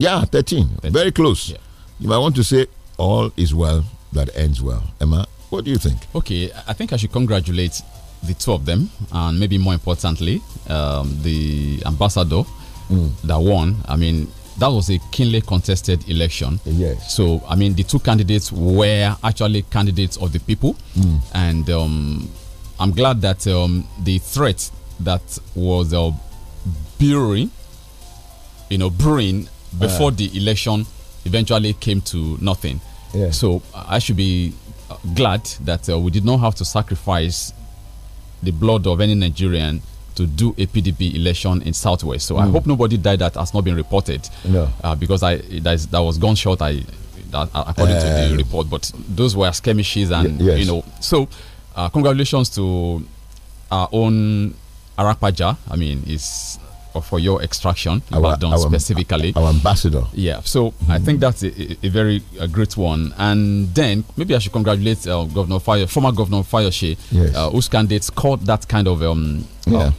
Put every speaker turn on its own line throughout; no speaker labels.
Yeah, 13. 13. Very close. Yeah. If I want to say all is well that ends well. Emma,
what do you think? Okay, I think I should congratulate the two of them, and maybe more importantly, um, the ambassador mm. that won. I mean, that was a keenly contested election. Yes. So, I mean, the two candidates were actually candidates of the people, mm. and um, I'm glad that um, the threat that was uh, brewing, you know, brewing before uh, the election eventually came to nothing. Yeah. So I should be uh, glad that uh, we did not have to sacrifice the blood of any Nigerian to do a PDP election in Southwest. So mm. I hope nobody died that has not been reported. No. Uh, because I that, is, that was gunshot. I that, uh, according to the uh, report, but those were skirmishes and yes. you know. So congratulations to our own Arapaja. I mean, it's for your extraction you our, have done our, specifically. Our ambassador. Yeah, so mm. I think that's a, a very a great one. And then maybe I should congratulate uh, Governor Fire, former Governor Fayoshe, yes. uh, whose candidates caught that kind of um, yeah. Uh,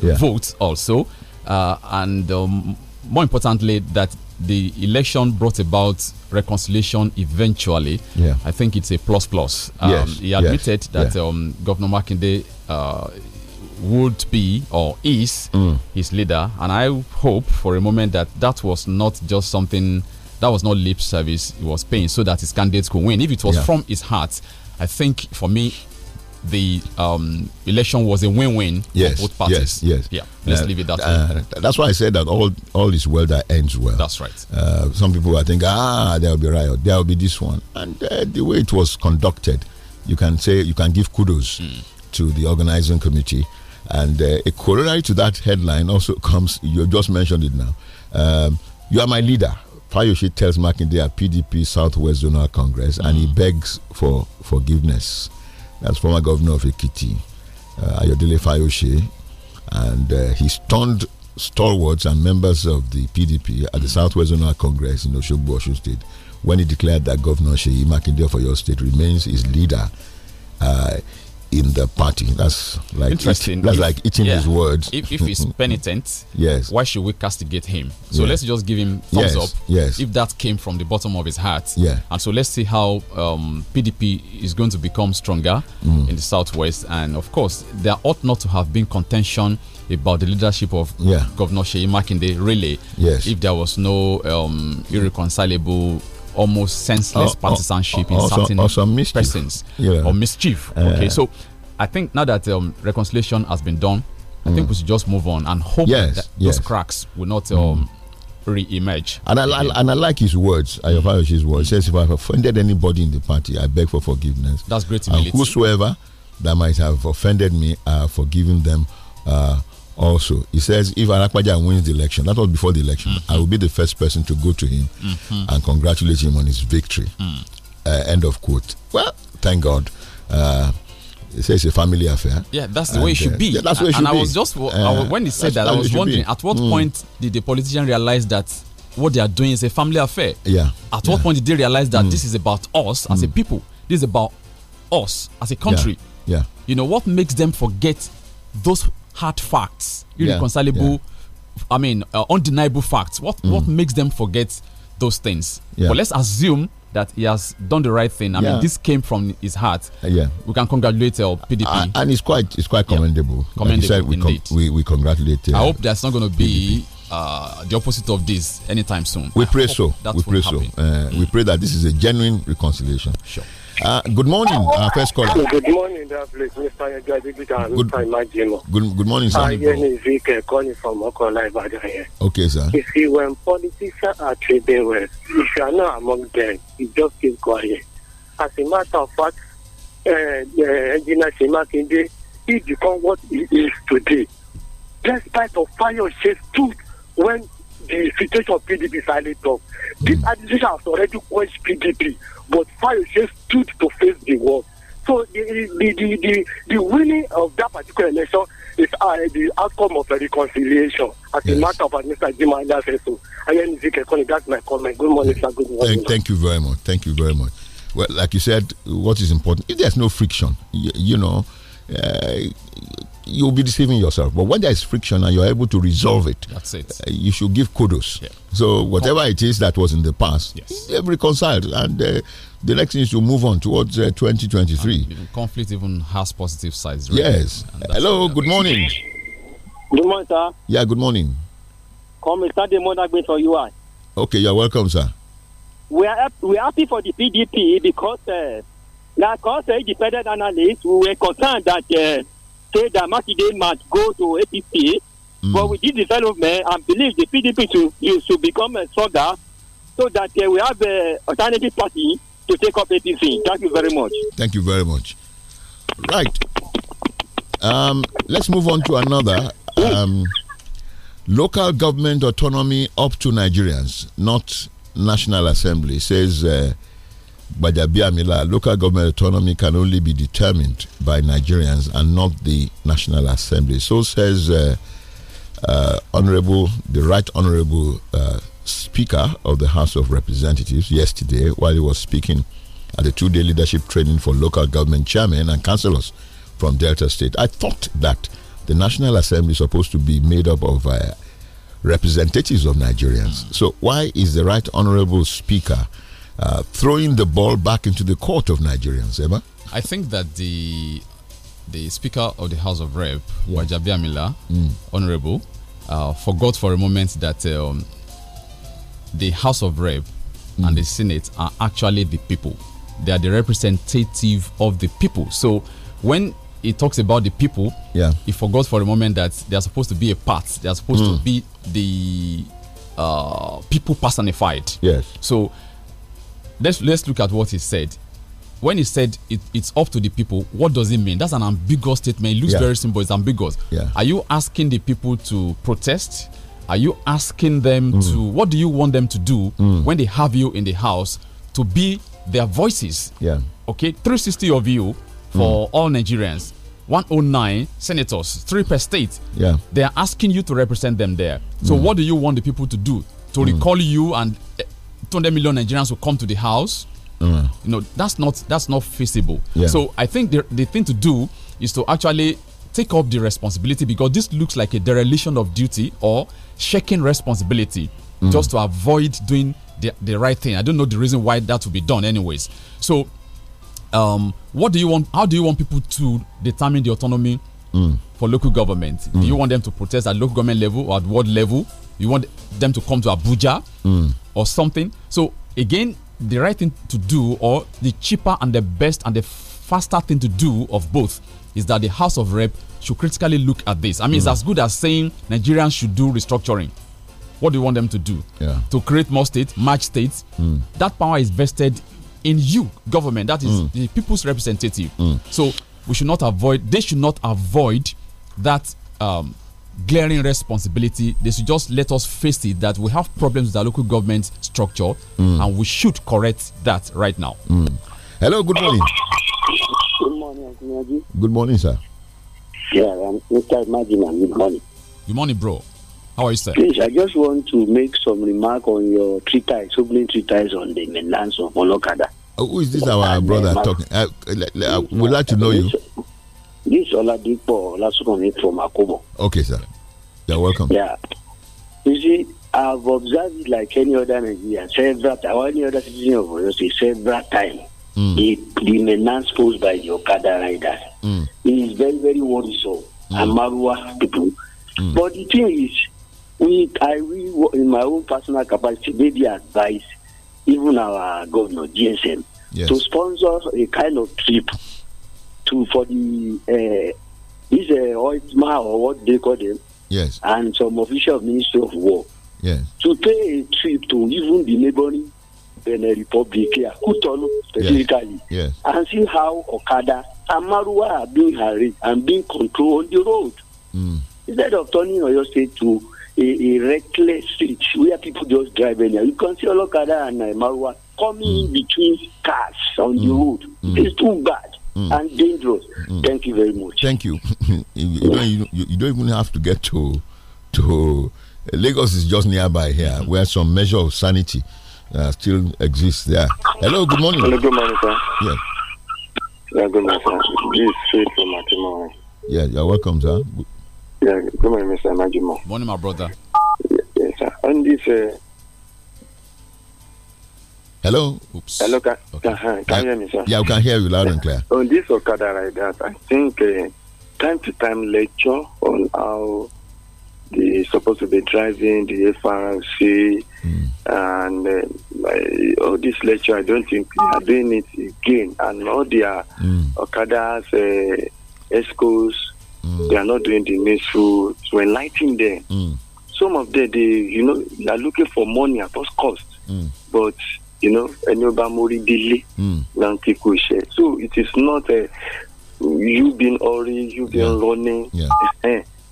yeah. vote also. Uh, and um, more importantly, that the election brought about reconciliation eventually. Yeah. I think it's a plus plus. Um, yes. He admitted yes. that yeah. um, Governor Makinde uh, would be or is mm. his leader. And I hope for a moment that that was not just something that was not lip service he was paying so that his candidates could win. If it was yeah. from his heart, I think for me, the um, election was a win-win yes, for both parties. Yes, yes, yeah. Let's uh, leave it that uh, way. That's
why I said that all all is well that ends well. That's right. Uh, some people are thinking, ah, there will be riot, there will be this one, and uh, the way it was conducted, you can say you can give kudos mm. to the organizing committee and uh, a corollary to that headline also comes, you just mentioned it now. Um, you are my leader. Fayoshi tells Makinde at PDP Southwest Zonal Congress and he mm. begs for forgiveness. That's former governor of Ekiti, uh, Ayodele Fayoshi. And uh, he stunned stalwarts and members of the PDP at the mm. Southwest Zonal Congress in Oshogbo, Osun State when he declared that Governor Sheyi Makinde for your State remains his leader. Uh, in the party. That's like interesting. that's if, like eating yeah. his words. If, if he's
penitent, yes. Why should we castigate him? So yeah. let's just give him thumbs yes. up. Yes. If that came from the bottom of his heart. Yeah. And so let's see how um, PDP is going to become stronger mm. in the southwest. And of course, there ought not to have been contention about the leadership of yeah. Governor Sheyi Makinde. Really. Yes. If there was no um, irreconcilable almost senseless oh, oh, partisanship in oh, certain also some persons yeah. or mischief. Uh, okay, so I think now that um, reconciliation has been done, I mm. think we should just move on and hope yes, that yes. those cracks will not. Um, mm. Re-emerge, and I, I,
and I like his words. I value mm. his words. He says, "If I've offended anybody in the party, I beg for forgiveness." That's great. And whosoever that might have offended me, I have forgiven them. Uh, also. He says if Anakpaja wins the election, that was before the election, mm -hmm. I will be the first person to go to him mm -hmm. and congratulate him on his victory. Mm. Uh, end of quote. Well, thank God. Uh, he says it's a family affair. Yeah, that's the and, way it should uh, be. Yeah, that's and, way it should and be. Uh, I was just when he said that, I was wondering be. at what mm. point
did the politician realize that what they are doing is a family affair? Yeah. At yeah. what point did they realize that mm. this is about us as a mm. people? This is about us as a country. Yeah. yeah. You know what makes them forget those hard facts, irreconcilable, yeah. I mean, uh, undeniable facts. What mm. what makes them forget those things? Yeah. But let's assume that he has done the right thing. I yeah. mean, this came from his heart. Uh, yeah, we can congratulate PDP, uh, uh, uh, and it's quite it's quite commendable. Yeah. Commendable, like we, Com we, we congratulate. I hope that's not going to be. the opposite of this anytime soon. We pray so. We pray so. Mm. We pray that this
is a genuine reconciliation. Sure. Uh, good morning, uh, first caller. Good
morning, please, Mr. Yajibita, good, Mr. Imajimo.
Good, good morning, sir. I am
Vike calling from Okola, Ibadan here. Okay, sir. You see, when politicians are treated well, if you are not among them, you just keep quiet. As a matter of fact, uh, uh, Engineer Shemakinde, he become what he is today. Despite of fire, she two, when the situation of PDP is highly tough. This administration has already quenched PDP but just stood to face the world. So the, the, the, the, the winning of that particular election is uh, the outcome of a reconciliation as yes. a matter of administrative matters also. And then Ezekiel Connie, that's my comment. Good morning, sir. Good morning. Thank,
thank, you very much. Thank you very much. Well, like you said, what is important, if there's no friction, you, you know, uh, you'll be deceiving yourself. But when there is friction and you're able to resolve it, that's it. Uh, you should give kudos. Yeah. So whatever it is that was in the
past, yes.
they reconciled, and uh, the next thing is to move on towards uh, 2023.
conflict even has positive sides. Right? Yes. Hello. Good morning. Good morning, sir.
Yeah. Good morning. Come, Mr. Demon, for you are. Ah. Okay, you're welcome, sir. We are we are
happy for the PDP because. Uh, like us, uh, independent analysts, we were concerned that uh, say that Makinde must go to APC. Mm. But with this development, I believe the PDP should, should become a stronger so that uh, we have an uh, alternative party to take up APC. Thank you very much.
Thank you very much. Right. Um, let's move on to another. Um, local government autonomy up to Nigerians, not National Assembly, says. Uh, Bajabiamila, local government autonomy can only be determined by Nigerians and not the National Assembly. So says uh, uh, Honorable, the Right Honorable uh, Speaker of the House of Representatives yesterday while he was speaking at the two day leadership training for local government chairmen and councillors from Delta State. I thought that the National Assembly is supposed to be made up of uh, representatives of Nigerians. So, why is the Right Honorable Speaker? Uh, throwing the ball back into the court of Nigerians, Emma?
I think that the the Speaker of the House of Rep, yeah. Wajabi Amila, mm. Honorable, uh, forgot for a moment that um, the House of Rep mm. and the Senate are actually the people. They are the representative of the people. So when he talks about the people, yeah. he forgot for a moment that they are supposed to be a part. They are supposed mm. to be the uh, people personified. Yes. So let's let's look at what he said. When he said it, it's up to the people, what does it mean? That's an ambiguous statement. It looks yeah. very simple. It's ambiguous. Yeah. Are you asking the people to protest? Are you asking them mm. to? What do you want them to do mm. when they have you in the house to be their voices? Yeah. Okay. 360 of you for mm. all Nigerians. 109 senators, three per state. Yeah. They are asking you to represent them there. So, mm. what do you want the people to do? To mm. recall you and eh, 200 million Nigerians will come to the house. Mm. You know, that's not that's not feasible. Yeah. So I think the, the thing to do is to actually take up the responsibility because this looks like a dereliction of duty or shaking responsibility mm. just to avoid doing the, the right thing. I don't know the reason why that would be done anyways. So um, what do you want how do you want people to determine the autonomy mm for local government. Mm. Do you hmm. want them to protest at local government level or at world level? You want them to come to Abuja mm. or something? So again, the right thing to do, or the cheaper and the best and the faster thing to do of both, is that the House of Rep should critically look at this. I mean, mm. it's hmm. as good as saying Nigerians should do restructuring. What do you want them to do? Yeah. To create more states, match states. Mm. That power is vested in you, government. That is mm. the people's representative. Hmm. So we should not avoid. They should not avoid that um, glaring responsibility. They should just let us face it that we have problems with our local government structure mm. and we should correct that right now. Mm. Hello, good morning.
Good morning, Good morning, sir. Yeah, I'm Mr. Imagine, good morning.
Good morning, bro. How are you, sir? Please,
I just want to make some remark on your treatise, opening treatise on the mainlands of
Olokada. Oh, who is this, our brother, talking? Uh, I, would like to know you.
This Oladipo Olasukunmi from Akobo. Okay, sir. You're welcome. Yeah. You see, I've observed it like any other Nigerian several times, or any other citizen of Oyo several times. Mm. The, the menace posed by the Okada rider mm. is very, very worrisome. Mm. And Marwa people. Mm. But the thing is, we, I, we, in my own personal capacity, maybe advise even our governor, GSM, yes. to sponsor a kind of trip to for the this uh, a Oitma or what they call them. Yes. And some official Ministry of War. Yes. To pay a trip to even the neighboring Benin Republic here, Kutonu specifically, yes. yes. and see how Okada and Marua are being hurried and being controlled on the road. Mm. Instead of turning your State to a, a, reckless street where people just drive anywhere, you can see Okada and uh, Marua coming mm. between cars on mm. the hmm. road. It's hmm. too bad mm. and dangerous. Mm. Thank you very much.
Thank you. you, you, don't, you, you, don't, even have to get to to Lagos is just nearby here, where some measure of sanity uh, still exists there. Hello, good morning. Hello, good morning, sir. Yeah.
Yeah, good morning, sir. This is from Matimo.
Yeah, you're welcome, sir.
Yeah, good morning, Mr. Majimo. Morning, my brother. Yes, yeah, sir. On this. Uh, Hello. Oops. Hello.
Can, okay. can,
can I, you hear me, sir? Yeah, we can hear you loud yeah. and clear. On this Okada like that, I think uh,
time to time lecture on how they supposed to be driving the FRC mm. and uh, all this lecture. I don't think they are doing it again. And all their mm. Okadas, uh, mm. they are not doing the needful to enlighten them. Mm. Some of them, they you know, they are looking for money at all costs, hmm. but you know ẹni ó bá mórí délé là ń kí so it is not a, eh, you being hurry you being yeah. running yeah.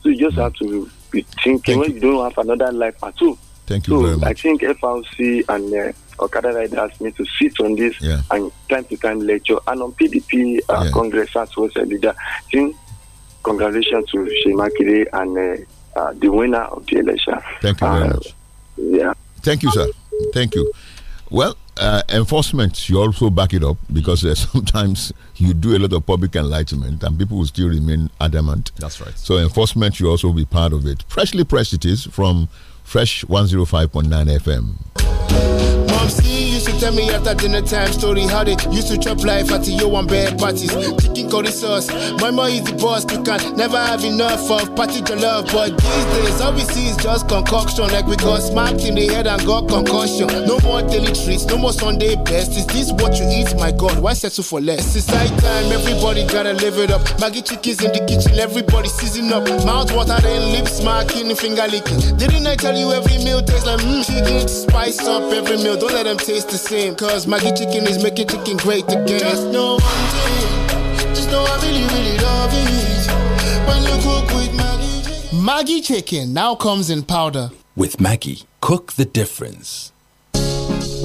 so you just hmm. have to be thinking when you. don't have another life at all. Thank you so very much. I think FLC and uh, Okada riders need to sit on this yeah. and time to time lecture. And on PDP uh, yeah. Congress as well as leader, think congratulations to Shemakiri and uh, uh, the winner of the election.
Thank you very uh, much. Yeah. Thank you, sir. Thank you. Well, uh, enforcement, you also back it up because uh, sometimes you do a lot of public enlightenment and people will still remain adamant. That's right. So, enforcement You also be part of it. Freshly pressed it is from Fresh 105.9
FM. Tell me after dinner time, story how they used to chop life at your one bad parties. Chicken curry sauce, my mom is the boss. You can never have enough of party to love. But these days, all we see is just concoction. Like we got smacked in the head and got concussion. No more daily treats, no more Sunday best. Is this what you eat? My God, why settle for less? It's night time, everybody gotta live it up. Maggie chickens in the kitchen, everybody season up. Mouth water, then lips smacking, finger licking. Didn't I tell you every meal tastes like mmm? Chicken spice up every meal, don't let them taste the same. Cause Maggie Chicken is making chicken great again. Just know one thing. Just know I really, really love it. When you cook with Maggie Chicken. Maggie Chicken now comes in powder.
With Maggie, cook the difference.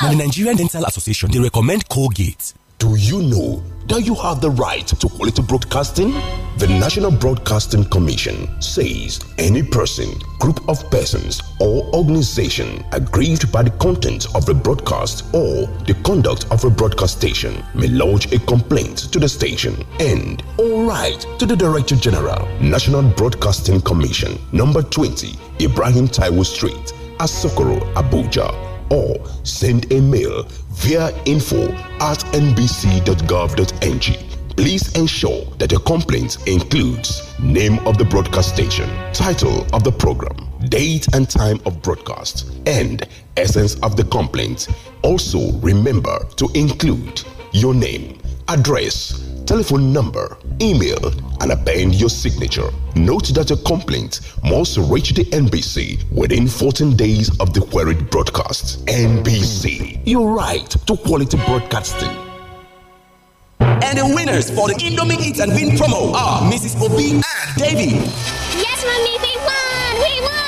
now, the
Nigerian Dental Association,
they recommend Colgate. Do you know that you have the right to quality broadcasting? The National Broadcasting Commission says any person, group of persons, or organization aggrieved by the content of a broadcast or the conduct of a broadcast station may lodge a complaint to the station and all right to the Director General, National Broadcasting Commission, number 20, Ibrahim Taiwo Street, Asokoro, Abuja or send a mail via info at nbc.gov.ng. Please ensure that your complaint includes name of the broadcast station, title of the program, date and time of broadcast, and essence of the complaint. Also, remember to include your name, address, telephone number, email, and append your signature. Note that a complaint must reach the NBC within 14 days of the queried broadcast. NBC, your right to quality broadcasting.
And the winners for the Indomie Eat and Win promo
are Mrs. Obi and Davy. Yes, mommy, we won! We won!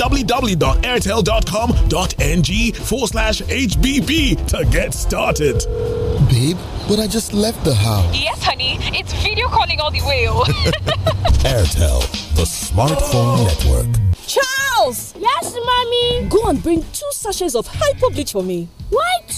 www.airtel.com.ng forward slash HBB to get
started. Babe, but I just left the house.
Yes, honey. It's video calling all the way.
Airtel, the smartphone network.
Charles! Yes, mommy? Go and bring two sachets of hypo bleach for me. What?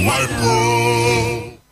my bro.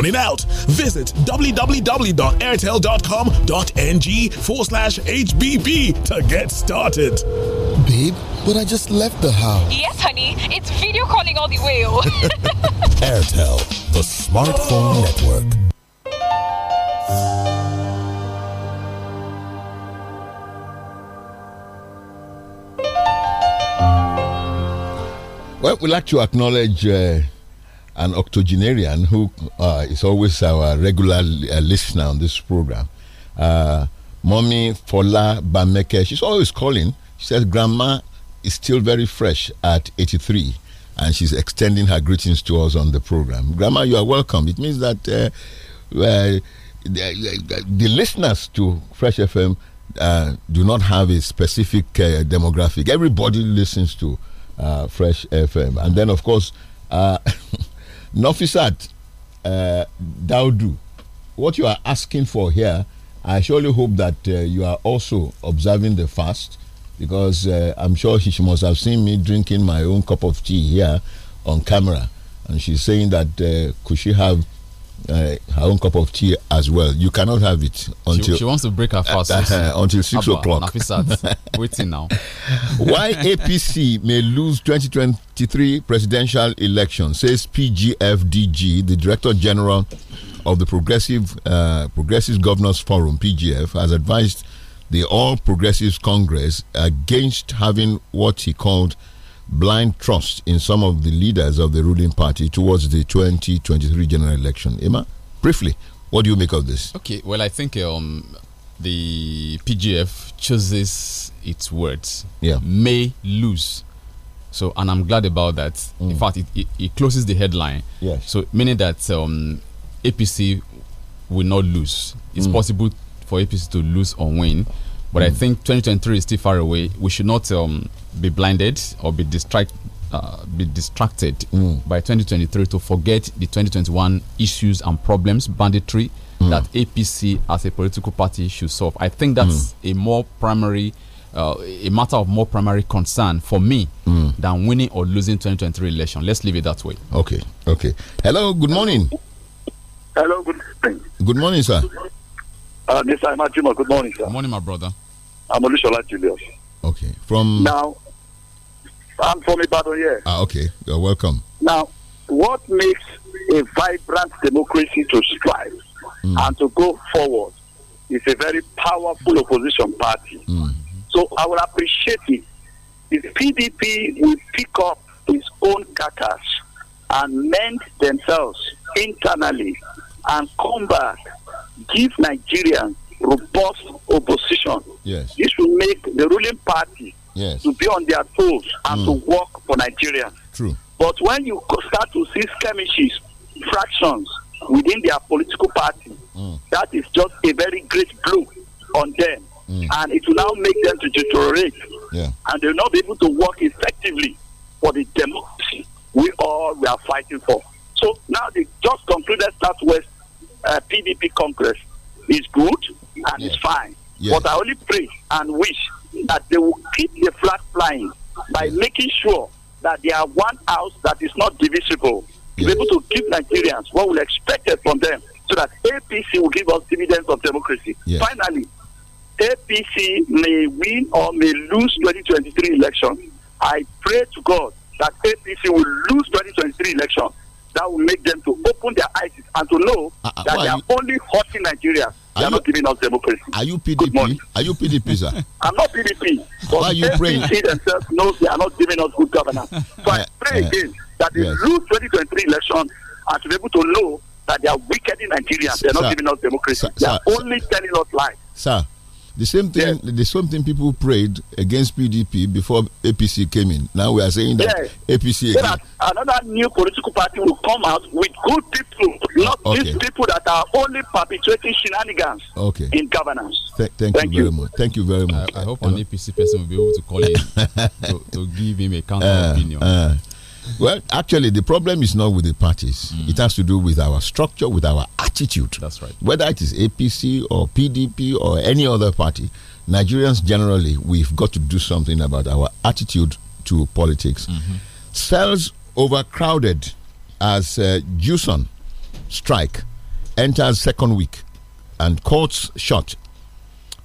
running out. Visit www.airtel.com.ng forward slash HBB to get started.
Babe, but I just left the house.
Yes, honey. It's video calling all the way.
Airtel, the smartphone network.
Well, we'd like to acknowledge uh, an octogenarian who uh, is always our regular uh, listener on this program. Uh, Mommy Fola Bameke, she's always calling. She says, Grandma is still very fresh at 83 and she's extending her greetings to us on the program. Grandma, you are welcome. It means that uh, the, the, listeners to Fresh FM uh, do not have a specific uh, demographic. Everybody listens to Fresh FM. And then, of course, Nofisat uh, Daudu, what you are asking for here, I surely hope that uh, you are also observing the fast because uh, I'm sure she must have seen me drinking my own cup of tea here on camera. And she's saying that uh, could she have uh, her own cup of tea as well. You cannot have it until she, she wants to break her fast uh, until six o'clock. waiting now. Why APC may lose 2023 presidential election says PGFDG, the Director General of the Progressive uh, Progressive Governors Forum (PGF), has advised the All Progressives Congress against having what he called blind trust in some of the leaders of the ruling party towards the 2023 general election. Emma, briefly, what do you make
of this? Okay, well, I think um, the PGF chooses its words. Yeah. May lose. So, and I'm glad about that. Mm. In fact, it, it, it, closes the headline. Yes. So, meaning that um, APC will not lose. It's mm. possible for APC to lose or win. But mm. I hmm. think 2023 is still far away. We should not um, be blinded or be distracted. Uh, be distracted mm. by 2023 to forget the 2021 issues and problems, banditry mm. that APC as a political party should solve. I think that's mm. a more primary, uh, a matter of more primary concern for me hmm. than winning or losing 2023 election. Let's leave it that way. Okay, okay. Hello, good morning. Hello, good morning. Good morning, sir. Uh, Mr. Imachimo, good morning, sir. Good morning, my brother. I'm Olusola Julius.
Okay. From
now, I'm from Ibadan here.
Ah, okay. You're welcome. Now, what makes a vibrant democracy to strive mm. and to go
forward is a very powerful opposition party. Mm. So I will appreciate it if PDP will pick up its own carcass and mend themselves internally and come back give Nigerians robust opposition. Yes. This will make the ruling party yes. to be on their toes and mm. to work for Nigeria. True. But when you start to see skirmishes, fractions within their political party, mm. that is just a very great blow on them. Mm. And it will now make them to deteriorate. Yeah. And they will not be able to work effectively for the democracy we all we are fighting for. So now they just concluded Southwest uh, PDP Congress is good and yeah. it's fine. Yeah. But I only pray and wish that they will keep the flag flying by yeah. making sure that they are one house that is not divisible. Yeah. Be able to give Nigerians what we expected from them so that APC will give us dividends of democracy. Finally, APC may win or may lose 2023 election. I pray to God that APC will lose 2023 election that will make them to open their eyes and to know uh, that they are, are only hurting Nigeria.
They are, not giving us democracy. Are you PDP? Are you PDP, sir? I'm not PDP. But are you FDP praying? themselves knows they are not giving us good governance. So I eh, pray eh, again that they yes.
2023 election are to be able to know that they are wicked in Nigeria. They are not giving us democracy. Sir, they are sir, only telling us lies.
Sir the same thing. Yes. The same thing. People prayed against PDP before APC came in. Now we are saying that yes. APC. Again. another new
political party will come out with good people, not okay. these people that are only perpetrating shenanigans. Okay. In governance.
Th thank, thank, you, you very much. Thank you very much. I, I hope an APC person will be able to call him to, to, give him a counter uh, opinion. Uh, well, actually, the problem is not with the parties. Mm. It has to do with our structure, with our attitude. That's right. Whether it is APC or PDP or any other party, Nigerians generally, we've got to do something about our attitude to politics. Mm -hmm. Cells overcrowded as uh, Juson strike enters second week and courts shut.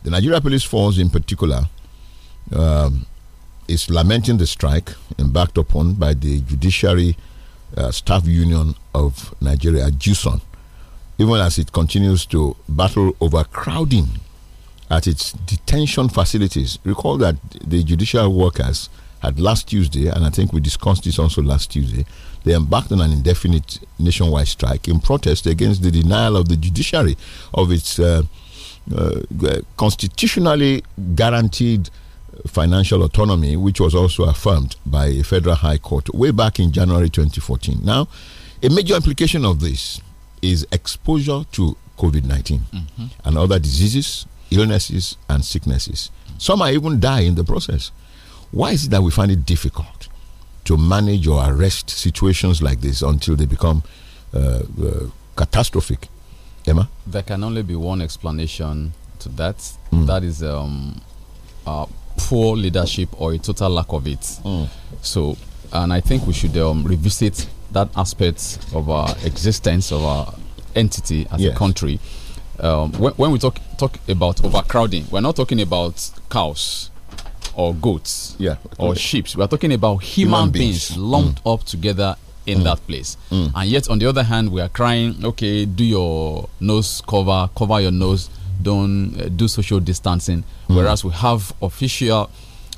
The Nigeria Police Force, in particular, um, is lamenting the strike embarked upon by the Judiciary uh, Staff Union of Nigeria, JUSON, even as it continues to battle overcrowding at its detention facilities. Recall that the judicial workers had last Tuesday, and I think we discussed this also last Tuesday, they embarked on an indefinite nationwide strike in protest against the denial of the judiciary of its uh, uh, constitutionally guaranteed financial autonomy, which was also affirmed by a federal high court way back in January 2014. Now, a major implication of this is exposure to COVID 19 mm -hmm. and other diseases, illnesses, and sicknesses. Some might even die in the process. Why is it that we find it difficult to manage or arrest situations like this until they become uh, uh, catastrophic? Emma?
There can only be one explanation to that. Mm. That is um, uh, poor leadership or a total lack of it. Mm. So, and I think we should um, revisit that aspect of our existence, of our entity as yes. a country. Um, when, when, we talk talk about overcrowding, we're not talking about cows or goats yeah, or sheep. We're talking about human, human beings. lumped mm. up together in mm. that place. Mm. And yet, on the other hand, we are crying, okay, do your nose cover, cover your nose don't uh, do social distancing, mm. whereas we have official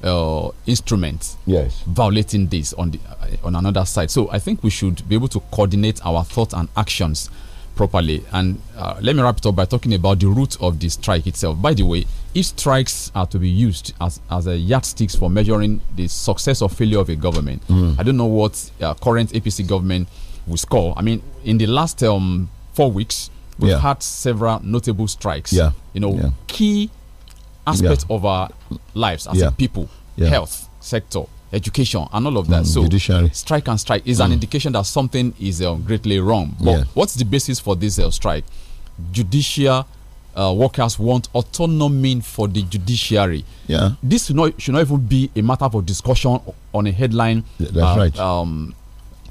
uh, instruments yes. violating this on the uh, on another side. So I think we should be able to coordinate our thoughts and actions properly. And uh, let me wrap it up by talking about the root of the strike itself. By the way, if strikes are to be used as, as a yardsticks for measuring the success or failure of a government, mm. I don't know what uh, current APC government will score. I mean, in the last um, four weeks, We've yeah. had several notable strikes. Yeah. You know, yeah. key aspects of our lives as a people, health sector, education, and all of that. Mm, so, judiciary. strike and strike is mm. an indication that something is uh, greatly wrong. But what's the basis for this uh, strike? Judicial uh, workers want autonomy for the judiciary. Yeah. This should not, should not even be a matter for discussion on a headline. that's uh, right. Um,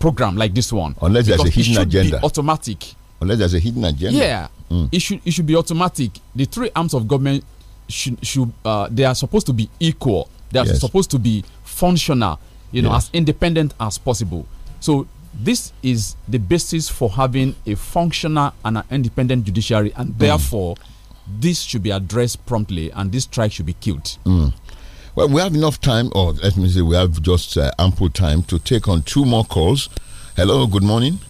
program like this one. Unless there's a hidden agenda. automatic Unless there's a hidden agenda. Yeah, mm. it should it should be automatic. The three arms of government should should uh, they are supposed to be equal. They are yes. supposed to be functional. You know, yes. as independent as possible. So this is the basis for having a functional and an independent judiciary, and mm. therefore, this should be addressed promptly, and this strike should be killed. Mm. Well, we have enough
time, or let me say, we have just uh, ample time to take on two more calls. Hello, good morning.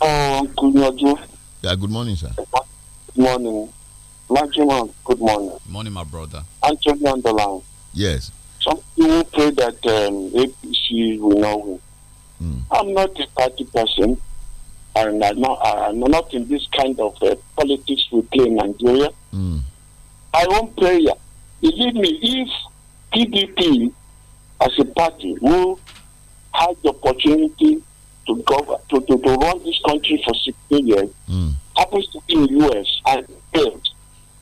Uh, good morning. Yeah, good morning, sir. Good morning. good morning.
Morning, my brother.
Actually, on the line. Yes. Some
people pray that um, APC will not win. Mm. I'm not a party person, and I'm not, I'm not in this kind of uh, politics we play in Nigeria. Mm. I want prayer. Believe me, if PDP as a party will have the opportunity to govern to, to, to run this country for 16 years mm. happens to be in US and failed.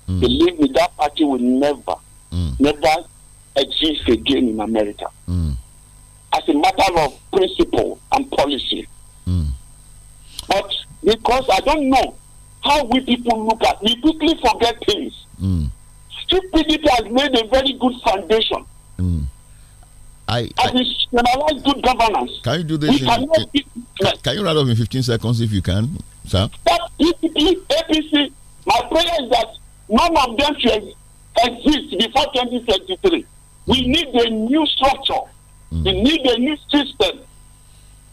Mm. Believe me, that party will never, mm. never exist again in America. Hmm. As a matter of principle and policy. Hmm. But because I don't know how we people look at, we quickly forget things. Mm. If has made a very good foundation, hmm.
I, I, good governance. Can you do this? In, can, can, you run up in 15 seconds if you can, sir? But PCP, APC, my prayer is that
none of them should exist before 2023. We mm. need a new structure. Mm. We need a new system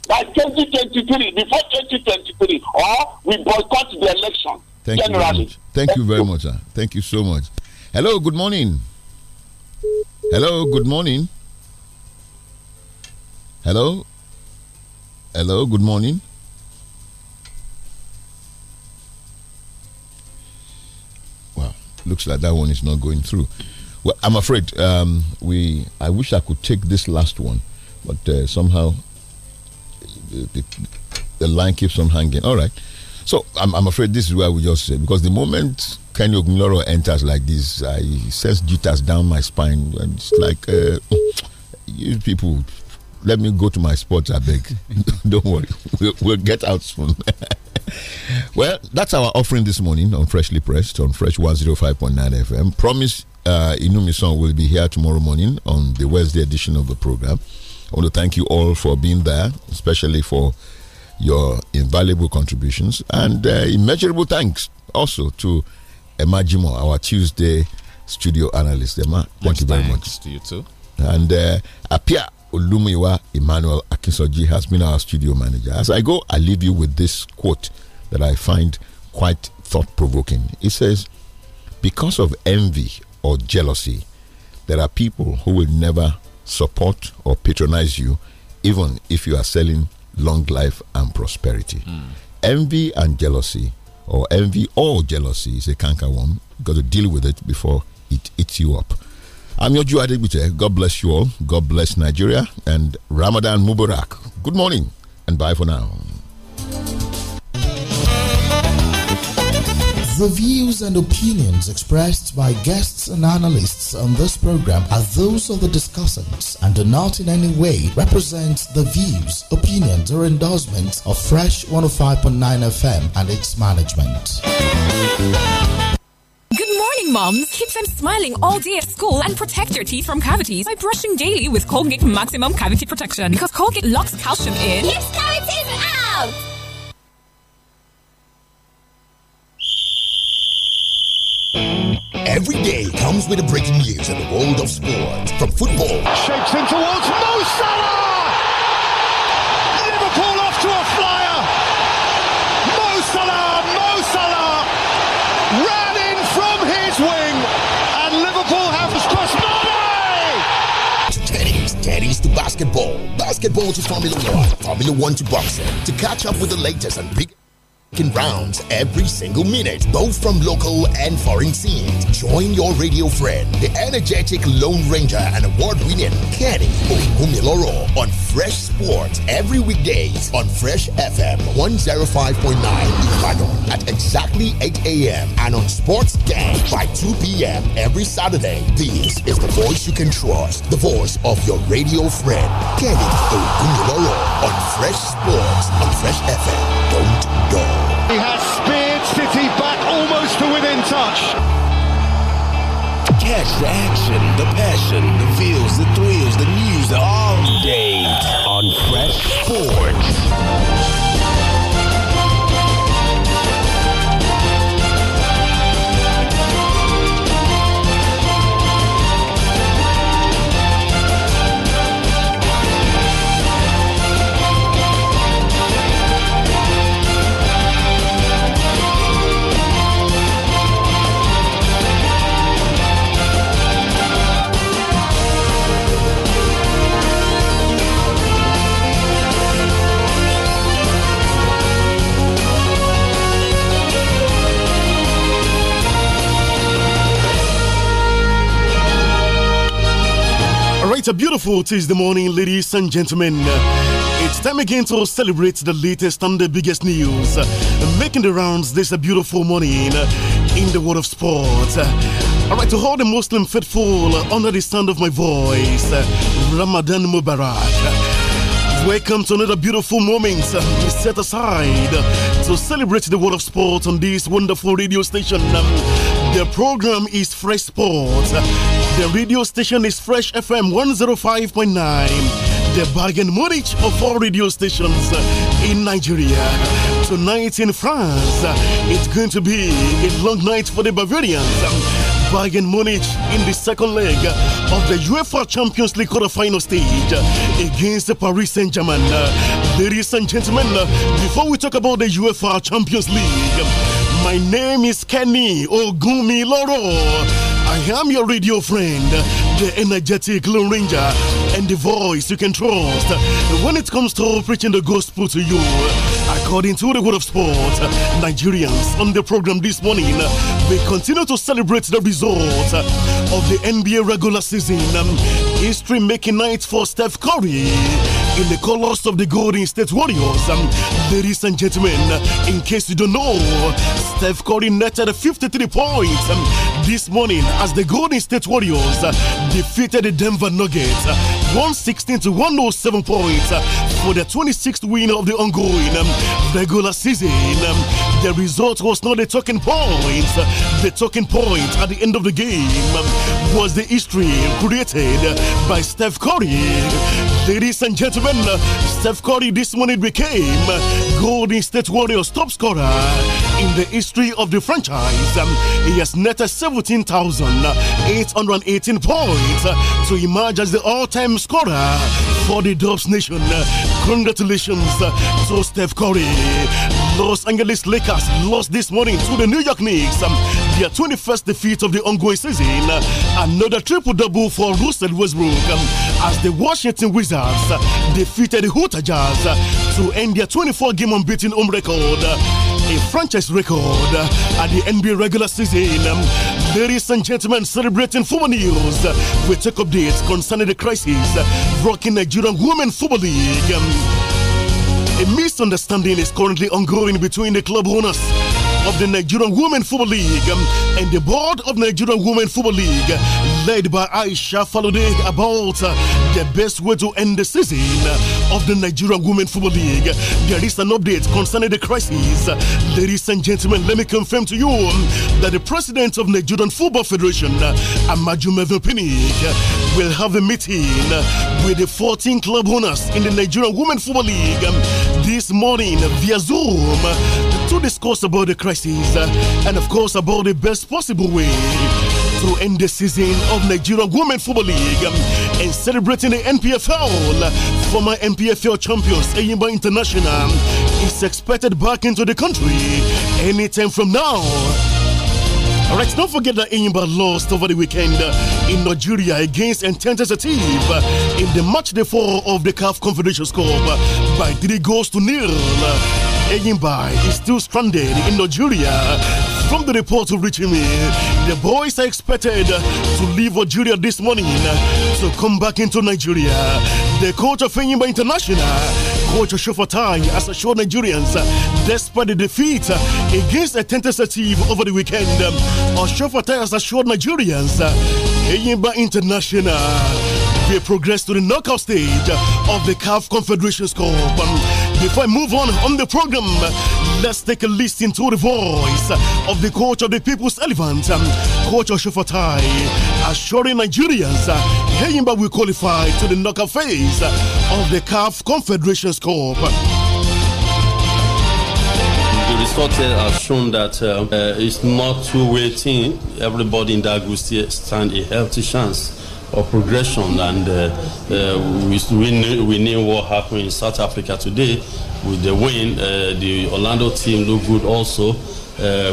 by 2023, before 2023, or we boycott the election.
Thank generally. you very much. Thank you very much, sir. Thank you so much. Hello, good morning. Hello, good morning. Hello? Hello, good morning. Well, looks like that one is not going through. Well, I'm afraid um, we. I wish I could take this last one, but uh, somehow the, the, the, line keeps on hanging. All right. So I'm, I'm afraid this is where we just say because the moment Kenny Ogumiloro enters like this, I sense jitters down my spine, and it's like uh, you people let me go to my sports, I beg. Don't worry, we'll, we'll get out soon. well, that's our offering this morning on Freshly Pressed on Fresh 105.9 FM. Promise uh, Inumi Song will be here tomorrow morning on the Wednesday edition of the program. I want to thank you all for being there, especially for your invaluable contributions and uh, immeasurable thanks also to Emma Jimo, our Tuesday studio analyst. Emma, thank Much you very much. to you too. And uh, Apia Olumiwa Emmanuel Akinsoji has been our studio manager. As I go, I leave you with this quote that I find quite thought provoking. It says, Because of envy or jealousy, there are people who will never support or patronize you, even if you are selling long life and prosperity. Mm. Envy and jealousy, or envy or jealousy, is a canker worm. You've got to deal with it before it eats you up. I'm your Jew Adegbite. God bless you all. God bless Nigeria and Ramadan Mubarak. Good morning and bye for now.
The views and
opinions expressed by guests and analysts on this program are those of the discussants and do not in any way represent the views, opinions, or endorsements of Fresh 105.9 FM and its management.
Good morning, moms. Keep them smiling all day at school and protect your teeth from cavities by brushing daily with Colgate Maximum Cavity Protection because Colgate locks calcium in. Keeps cavities out.
Every day comes with a breaking news in the world of sports. From football, shapes in towards Mo Salah. basketball, basketball to Formula One, Formula One to boxing, to catch up with the latest and big rounds every single minute, both from local and foreign scenes. Join your radio friend, the energetic Lone Ranger and award-winning Kenny Ogumiloro on Fresh Sports every weekdays on Fresh FM 105.9 Ibadan at exactly 8 a.m. and on Sports Gang by 2 p.m. every Saturday. This is the voice you can trust, the voice of your radio friend, Kenny Ogumiloro on Fresh Sports on Fresh FM. Don't go gets City back almost to within touch.
Catch the action, the passion, the feels, the thrills, the news all day on Fresh Sports.
It's a beautiful Tuesday morning, ladies and gentlemen. It's time again to celebrate the latest and the biggest news making the rounds this beautiful morning in the world of sport. All right, to all the Muslim faithful under the sound of my voice, Ramadan Mubarak. Welcome to another beautiful moment set aside to celebrate the world of sport on this wonderful radio station. The program is Fresh Sport the radio station is Fresh FM 105.9, the bargain mortgage of all radio stations in Nigeria. Tonight in France, it's going to be a long night for the Bavarians. Bayern Munich in the second leg of the UEFA Champions League quarter-final stage against Paris Saint-Germain. Ladies and gentlemen, before we talk about the UEFA Champions League, my name is Kenny Ogumiloro. I am your radio friend, the energetic Lone Ranger, and the voice you can trust when it comes to preaching the gospel to you. According to the word of sport, Nigerians on the program this morning, we continue to celebrate the result of the NBA regular season. History making night for Steph Curry in the colors of the Golden State Warriors. Um, ladies and gentlemen, in case you don't know, Steph Curry netted 53 points um, this morning as the Golden State Warriors uh, defeated the Denver Nuggets uh, 116 to 107 points uh, for the 26th win of the ongoing um, regular season. Um, the result was not a talking point. Uh, the talking point at the end of the game um, was the history created by Steph Curry. Ladies and gentlemen, Steph Curry this morning became Golden State Warriors top scorer in the history of the franchise. Um, he has netted 17,818 points to emerge as the all time scorer for the Dubs Nation. congratulations to Steph Curry. Los Angeles Lakers lost this morning to the New York Knicks, um, their 21st defeat of the ongoing season. Another triple double for Russell Westbrook um, as the Washington Wizards defeated the Utah Jazz to end their 24 game all unbeaten home record, a franchise record at the NBA regular season. Ladies and gentlemen, celebrating football news, we take updates concerning the crisis rocking Nigerian Women Football League. A misunderstanding is currently ongoing between the club owners of the Nigerian Women Football League and the board of Nigerian Women Football League led by Aisha Falode about uh, the best way to end the season of the Nigerian Women Football League. There is an update concerning the crisis. Ladies and gentlemen, let me confirm to you um, that the president of Nigerian Football Federation, uh, Amaju Mevepinik, uh, will have a meeting with the 14 club owners in the Nigerian Women Football League um, this morning via Zoom to discuss about the crisis and, of course, about the best possible way through end the season of Nigerian Women Football League um, and celebrating the NPFL. Former NPFL champions Eyimba International is expected back into the country anytime from now. Alright, don't forget that Enyimba lost over the weekend uh, in Nigeria against Entente Sativ uh, in the match day four of the CAF Confederations Cup uh, by three goals to nil. Enyimba is still stranded in Nigeria from the report reaching me, the boys are expected to leave Algeria this morning to come back into Nigeria. The coach of Enyimba International, coach Shofatai, has assured Nigerians, despite the defeat against a tentative over the weekend, Shofatai has assured Nigerians, Enyimba International, they progress to the knockout stage of the CAF Confederations Cup. Before I move on on the program, Let's take a listen to the voice of the coach of the people's elephant, Coach Oshifatai, assuring Nigerians Heyimba will qualify to the knockout phase of the CAF Confederations Cup
The results uh, have shown that uh, uh, it's not too waiting. Everybody in that group still stand a healthy chance of progression, and uh, uh, we, we, knew, we knew what happened in South Africa today with the win. Uh, the Orlando team looked good also.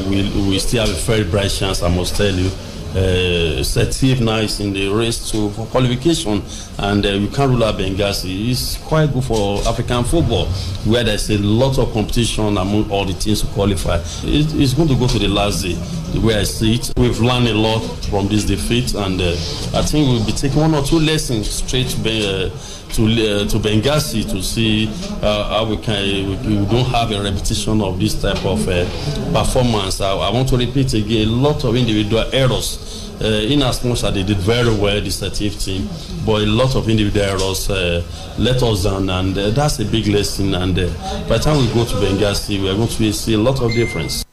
we, we still have a very bright chance, I must tell you, uh, certificate nice in the race to for qualification, and uh, you can't rule out Benghazi. It's quite good for African football, where there's a lot of competition among all the teams to qualify. It, it's going to go to the last day, the way I see it. We've learned a lot from this defeat, and uh, I think we'll be taking one or two lessons straight to uh, Benghazi to uh, to Benghazi to see uh, how we can we, we, don't have a repetition of this type of uh, performance. I, I, want to repeat again a lot of individual errors. Uh, in as much as they did very well, the stative team, but a lot of individual errors uh, let us down, and uh, that's a big lesson. And by the time we go to Benghazi, we are going to see a lot of difference.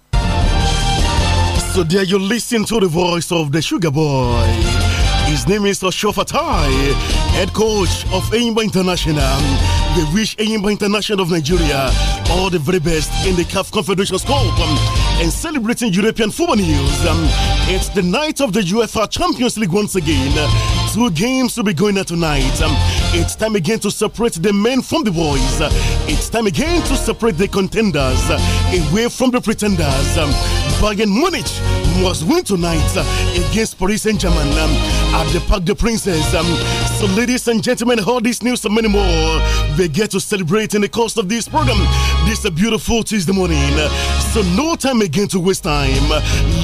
So, there you listen to
the voice of the Sugar Boy. His name is Oshofatai, head coach of Enyimba International. They wish Enyimba International of Nigeria all the very best in the CAF Confederation scope um, and celebrating European football news. Um, it's the night of the UEFA Champions League once again. Two games to be going on tonight. Um, it's time again to separate the men from the boys. It's time again to separate the contenders away from the pretenders. Um, Bayern Munich must win tonight uh, against Paris Saint-Germain. Um, at the Parc the Princess. Um, so, ladies and gentlemen, all this news and many more, they get to celebrate in the course of this program. This is a beautiful Tuesday morning. So, no time again to waste time.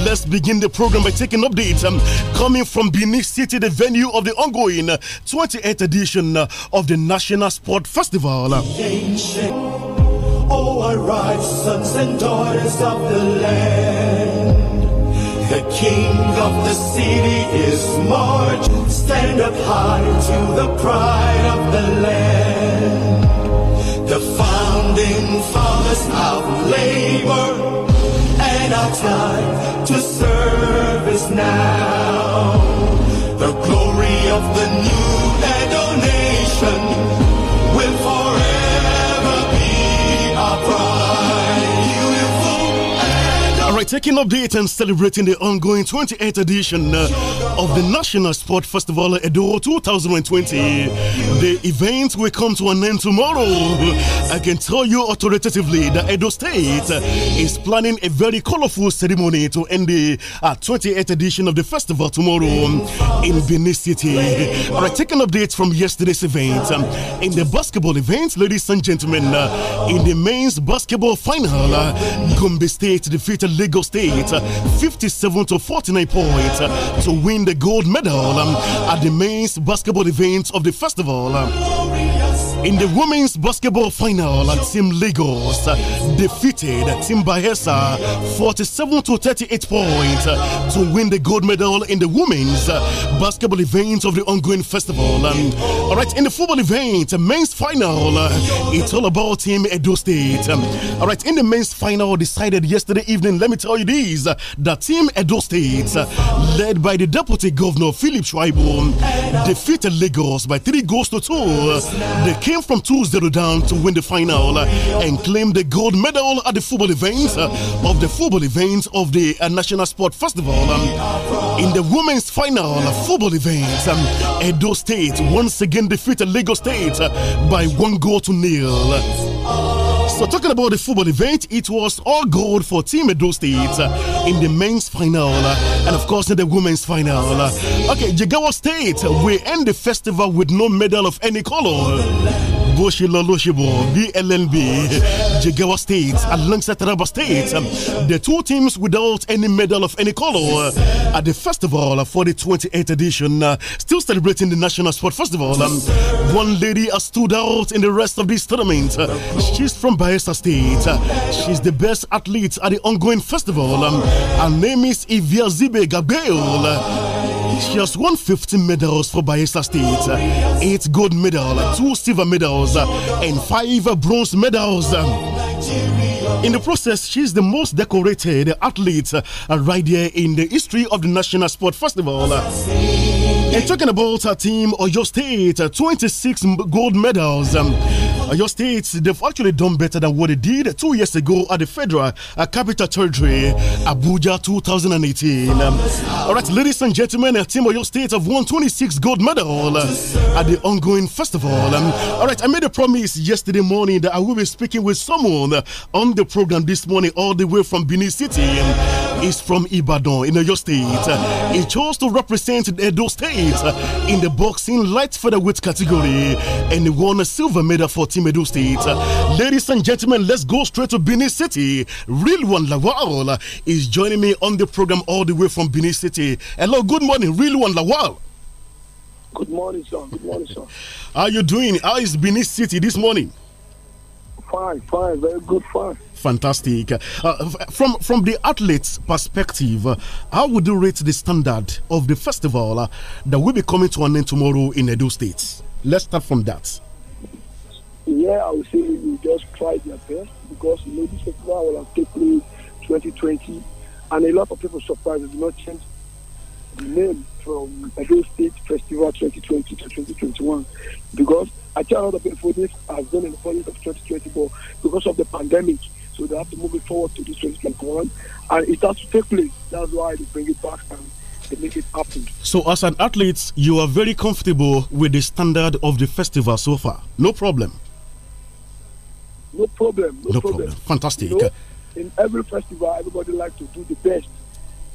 Let's begin the program by taking updates um, coming from Benin City, the venue of the ongoing 28th edition of the National Sport Festival.
Oh, arise, sons and daughters of the land. The king of the city is mine have to the pride of the land. The founding fathers of labor and our time to service now.
taking updates and celebrating the ongoing 28th edition uh, of the National Sport Festival Edo 2020. The event will come to an end tomorrow. I can tell you authoritatively that Edo State uh, is planning a very colorful ceremony to end the 28th uh, edition of the festival tomorrow um, in Benin City. All right, taking updates from yesterday's event. Um, in the basketball event, ladies and gentlemen, in the men's basketball final, Gombe State defeated Lagos. Edo State 57 to 49 points to win the gold medal um, at the men's basketball event of the festival. Um in the women's basketball final at Team Lagos defeated Team Bahesa 47 to 38 points to win the gold medal in the women's basketball event of the ongoing festival. And all right, in the football event, men's final, it's all about Team Edo State. all right, in the men's final decided yesterday evening, let me tell you this, the Team Edo State, led by the Deputy Governor Philip Schwaibo, defeated Lagos by three goals to two. The came from 2-0 down to win the final uh, and claim the gold medal at the football event uh, of the football event of the uh, National Sport Festival. Um, in the women's final football event, um, Edo State once again defeated Lagos State by one goal to nil. So talking about the football event, it was all gold for Team Edo State uh, in the men's final uh, and of course in the women's final. Uh. okay, Jigawa State, we end the festival with no medal of any color bó ṣe lọ jigawa state alongside taraba state the two teams without any medal of any colour at the festival for the 28th edition uh, still celebrating the national sport festival um, one lady has stood out in the rest of this tournament she's from Bayelsa state she's the best athlete at the ongoing festival um, her name is Ivia Zibe Gabriel she has won 15 medals for Bayelsa State, eight gold medals, two silver medals, and five bronze medals. In the process, she's the most decorated athlete right there in the history of the National Sport Festival. And talking about her team, your State, 26 gold medals. Uh, your states they've actually done better than what they did two years ago at the Federal uh, Capital Territory, Abuja 2018. Um, all right, ladies and gentlemen, a Team your State have won 26 gold medal at the ongoing festival. Um, all right, I made a promise yesterday morning that I will be speaking with someone on the program this morning, all the way from Benin City. Is um, from Ibadan in your State. Uh, he chose to represent Edo State in the boxing light featherweight category and he won a silver medal for Team in Edo State. ladies and gentlemen, let's go straight to Benin City. Real One Lawal is joining me on the program all the way from Benin City. Hello, good morning, Real One Lawal.
Good morning, sir. Good morning, sir.
How are you doing? How is Benin City this morning?
Fine, fine, very good, fine.
Fantastic. Uh, from from the athlete's perspective, uh, how would you rate the standard of the festival uh, that will be coming to an end tomorrow in Edo State? Let's start
from that
yeah, I would say you just try their best because you know this festival will have taken 2020, and a lot of people surprised did not change the name from Edo State Festival 2020 to 2021 because actually a lot of people this has done in the project of 2024 because of the pandemic, so they have to move it forward to this 2021, and it has to take place. That's why they bring it back and make it happen.
So, as an athlete, you are very comfortable with the standard of the festival so far. No problem.
No problem. No, no problem. problem. Fantastic. You know, in every festival, everybody likes to do the best.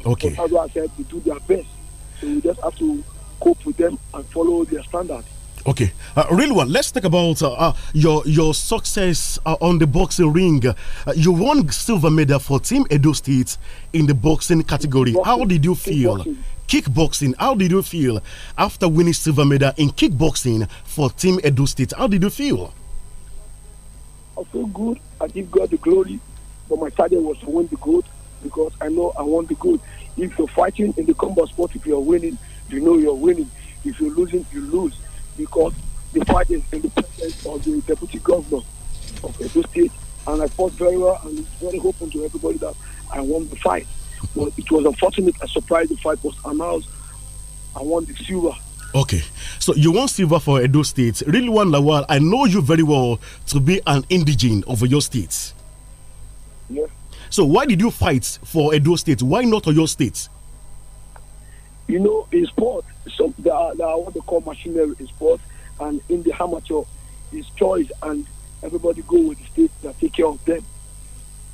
Okay. as I said, they do their best. So you just have to cope with them and follow their standards.
Okay, uh, real one. Let's talk about uh, uh, your your success uh, on the boxing ring. Uh, you won silver medal for Team Edo State in the boxing category. Boxing. How did you feel? Kickboxing. kickboxing. How did you feel after winning silver medal in kickboxing for Team Edo State? How did you feel?
I feel good. I give God the glory. But my target was to win the gold because I know I want the gold. If you're fighting in the combat sport, if you're winning, you know you're winning. If you're losing, you lose because the fight is in the presence of the deputy governor of Edo State. And I fought very well, and it's very open to everybody that I won the fight. But it was unfortunate, a surprise the fight was announced. I won the silver.
Okay. So you want silver for Edo State. Really one Lawal, I know you very well to be an indigene of your state. Yes. So why did you fight for Edo State? Why not your state?
You know, in sport, some there are, there are what they call machinery in sport, and in the amateur, is choice, and everybody go with the state that take care of them.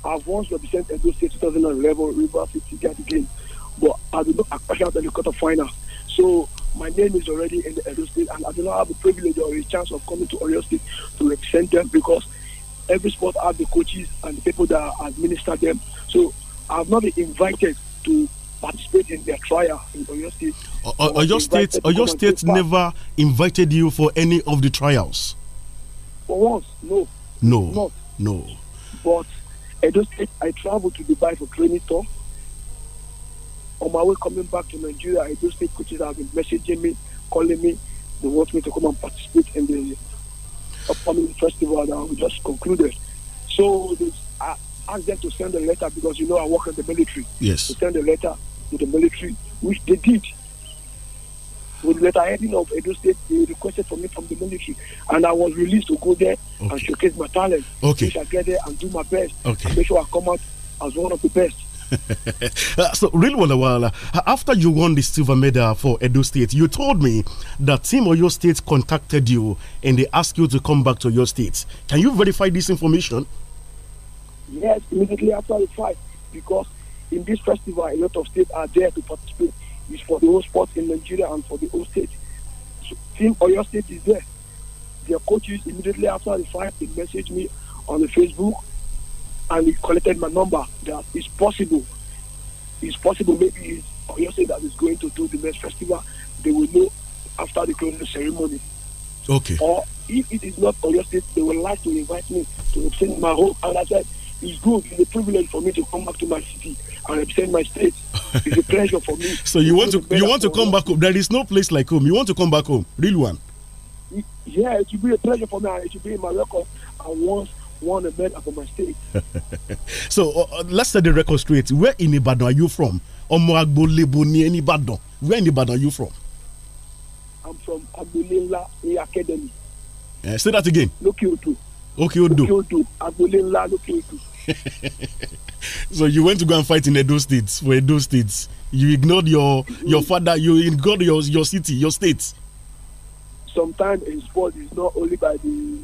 I've once represented Edo State 2011 River City Guard game, but I did not actually the quarter final. So my name is already in the Edo State, and I do not have the privilege or a chance of coming to Oyo State to represent them because every sport has the coaches and the people that administer them. So I've not been invited to participate in their trial in Oyo State. Oyo State, Oyo State
never part. invited you for any of the trials.
For once, no. No. Not. No. But Edo State, I traveled to Dubai for training tour on my way coming back to Nigeria, I do see coaches have been messaging me, calling me. They want me to come and participate in the upcoming festival that we just concluded. So I asked them to send a letter because you know I work in the military. Yes. To send a letter to the military, which they did. With the letter heading of Edo State, they requested for me from the military, and I was released to go there okay. and showcase my talent. Okay. Which I get there and do my best. Okay. And make sure I come out as one of the best.
so, real Walla after you won the silver medal for Edo State, you told me that Team Oyo State contacted you and they asked you to come back to your state. Can you verify this information?
Yes, immediately after the fight, because in this festival, a lot of states are there to participate. It's for the whole sport in Nigeria and for the whole state. So, team Oyo State is there. Their coaches immediately after the fight, they messaged me on the Facebook and he collected my number that it's possible. It's possible maybe Oyo that that is going to do the next festival. They will know after the closing ceremony. Okay. Or if it is not Oyo State, they would like to invite me to represent my home. And I said, it's good, it's a privilege for me to come back to my city and represent my state. It's a pleasure for me.
so you want to you want to come back home? There is no place like home. You want to come back home, real one.
It, yeah, it will be a pleasure for me. It should be in my record. And once one medal of my state.
so uh, uh, let's set the record straight. Where in Ibadan are you from? Omoagbolebo ni Ibadan. Where in Ibadan are you from?
I'm from Agbolela Academy.
Uh, say that again.
Lokiodo. Okiodo. Okiodo. Agbolela Lokiodo.
so you went to go and fight in Edo states for Edo states. You ignored your your mm-hmm. father. You ignored your your city, your state.
Sometimes in sport, it's not only by the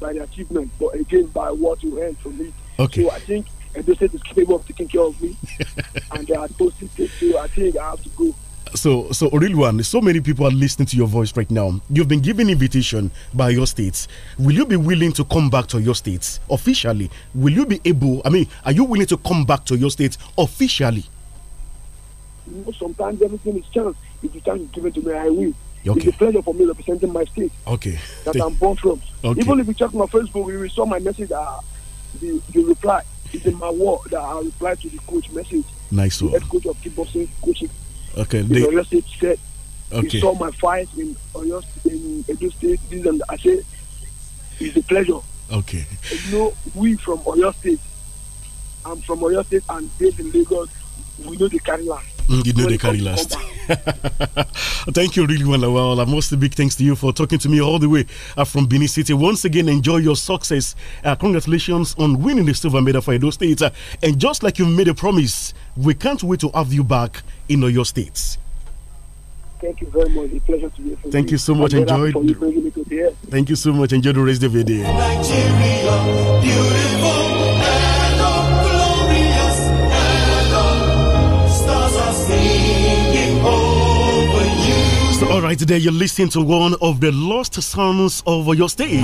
by the achievement, but again by what you earn from it. Okay. So I think Edo State is capable of taking care of me, and they are posting it. So I think I have to go.
So, so Orilwan, so many people are listening to your voice right now. You've been given invitation by your states. Will you be willing to come back to your states officially? Will you be able? I mean, are you willing to come back to your states officially?
You know, sometimes everything is chance. If the chance is given to me, I will. Okay. It's a pleasure for me representing my state. Okay. That Thank I'm born from. Okay. Even if you check my Facebook, you will saw my message. Uh, the, the reply is in my word that I replied to the coach message. Nice one. The head coach of kickboxing coaching. Okay. The they, said okay. he saw my fight in Oyo in Edo State. This and I said it's a pleasure. Okay. you know we from Oyo State. I'm from Oyo State and based in Lagos. We know the carry
Mm, you know they carry last. Thank you, really, well. Walawala. Most big thanks to you for talking to me all the way from Benin City. Once again, enjoy your success. Uh, congratulations on winning the silver medal for Edo State. Uh, and just like you made a promise, we can't wait to have you back in your states. Thank you very much. A pleasure to be Thank you. so much. Enjoyed. Thank you so much. Enjoy the rest of the day.
Nigeria, beautiful.
right there, you're listening to one of the lost sons of your state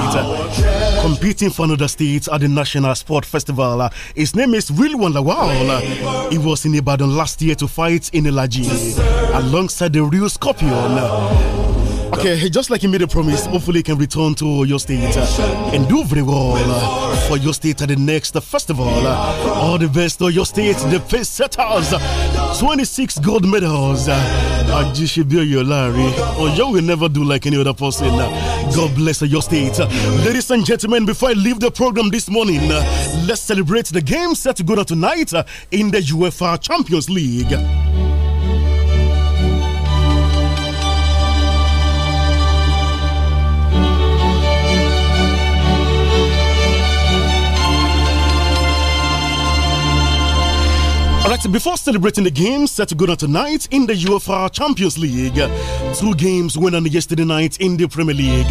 competing for another state at the National Sport Festival. Uh, his name is Wilwan La Uh, he was in Ibadan last year to fight in Elaji alongside the real Scorpion. Okay, just like he made a promise, hopefully he can return to your state uh, and do very well uh, for your state at the next festival. Uh, all the best to your state, the pace setters. 26 gold medals. I just should be your Larry. Or you will never do like any other person. God bless your state. Ladies and gentlemen, before I leave the program this morning, let's celebrate the game set to go down tonight in the UEFA Champions League. before celebrating the games set to go down tonight in the UEFA Champions League, two games won on yesterday night in the Premier League.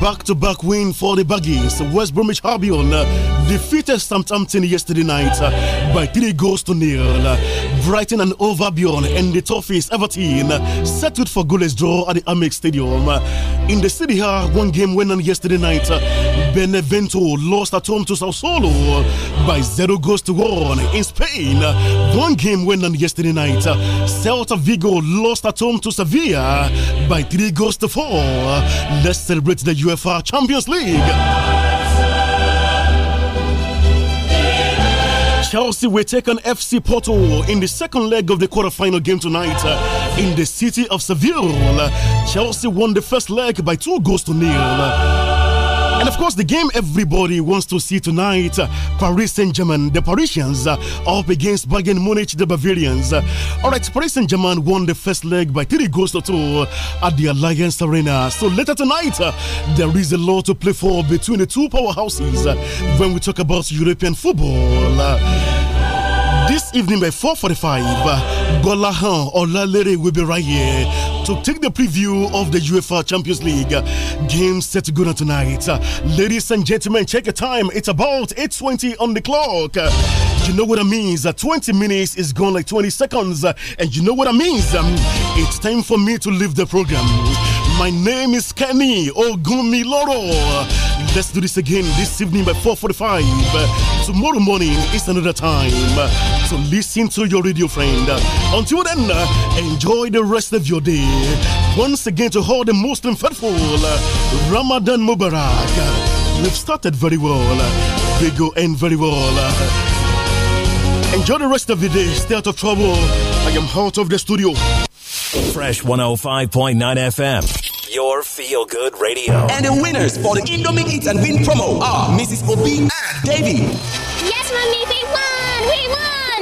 Back to back win for the Baggies. West Bromwich Albion uh, defeated Southampton yesterday night uh, by three goals to nil. Brighton and Overbeyond and the toughest Everton uh, settled for goalless draw at the Amex Stadium. In the City, one game went on yesterday night. Benevento lost at home to Sao Solo by 0 goals to 1 in Spain. One game went on yesterday night. Celta Vigo lost at home to Sevilla by 3 goals to 4. Let's celebrate the UEFA Champions League. Chelsea will take on FC Porto in the second leg of the quarter-final game tonight in the city of Seville. Chelsea won the first leg by two goals to nil. And of course, the game everybody wants to see tonight uh, Paris Saint Germain, the Parisians, uh, up against Bayern Munich, the Bavarians. Uh, all right, Paris Saint Germain won the first leg by three goals to two uh, at the Alliance Arena. So later tonight, there is a lot to play for between the two powerhouses when we talk about European football. This evening by 4.45, uh, Golahan Olalere will be right here to take the preview of the UEFA Champions League game set to go on tonight. Ladies and gentlemen, check the time. It's about 8.20 on the clock. You know what I means? 20 minutes is gone like 20 seconds. And you know what I means? It's time for me to leave the program. My name is Kenny Ogumiloro. Let's do this again this evening by 4:45. Tomorrow morning is another time. So listen to your radio friend. Until then, enjoy the rest of your day. Once again, to all the Muslim faithful, Ramadan Mubarak. We've started very well. We go end very well. Enjoy the rest of the day. Stay out of trouble. I am out of the studio.
Fresh 105.9 FM, your feel good radio. And the winners for
the Indomie Eat and Win promo are Mrs. Obi and Davy. Yes, mommy, we won! We won!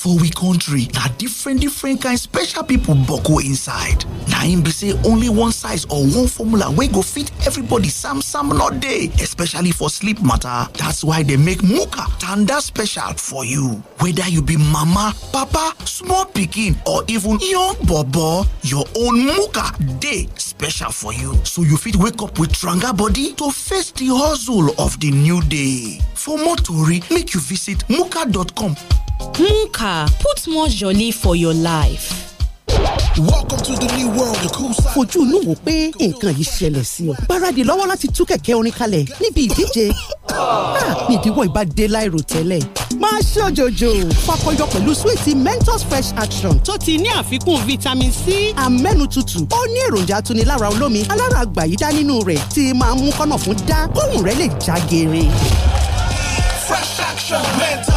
for we country na different different kind special people boku inside na im be say only one size or one formula wey go fit everybody sam sam not dey especially for sleep matter that's why dem make muka tanda special for you whether you be mama papa small pikin or even young bobo your own muka dey special for you so you fit wake up with stronger body to face the
hustle of the new day for more tori make you visit muka.com Nka, put more jolly for your life. Welcome to the new world, the cool side. Fojú inú wò pé nǹkan yìí ṣẹlẹ̀ sí ọ. Gbáradì lọ́wọ́ láti tú kẹ̀kẹ́ orin kalẹ̀ níbi ìdíje. Ah, Nídìíwọ̀ ìbá dé láìrò tẹ́lẹ̀. Máa ṣe Fakọyọ pẹ̀lú súwìtì Mentos Fresh Action. Tó ti ní àfikún vitamin C. Amẹ́nu tutù. Ó ní èròjà atunilára olómi. Alára àgbà yìí dá nínú rẹ̀ tí máa mú kọ́nà fún dá. Kóhùn rẹ̀ lè já geere.
Fresh Action Mentos.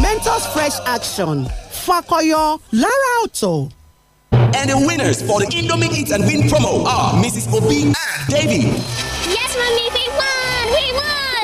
Mentos Fresh Action, Fakoyo, Lara Auto. And the winners for the Indomie Eat and Win promo are
Mrs. Obi and Davy.
Yes, Mommy, we
won! We won!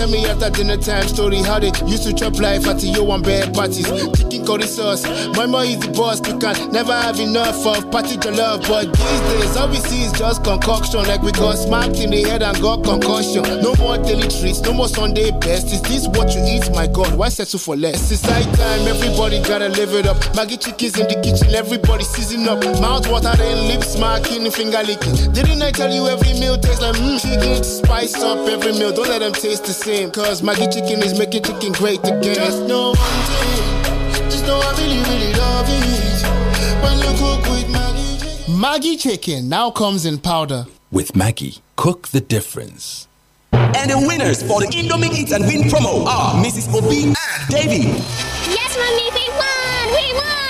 tell me after dinner time story how they used to chop life at your one bad parties. Chicken curry sauce, my mom is the boss. You can never have enough of party to love. But these days, all we see is just concoction. Like we got smacked in the head and got concussion. No more daily treats, no more Sunday best. Is this what you eat? My God, why settle for less? It's night time, everybody gotta live it up. Maggie chickens in the kitchen, everybody season up. Mouth watering, lips smacking, finger licking. Didn't I tell you every meal tastes like mmm? Chicken spiced up every meal. Don't let them taste the same. Cause Maggie Chicken is making chicken great again. Just know one thing, just know I really, really love it. When you cook with Maggie Chicken. Maggie Chicken now comes in powder.
With Maggie, cook the difference. And the winners for the Indomie Eat and Win promo are Mrs. Obi and Davy.
Yes, mommy, we won! We won!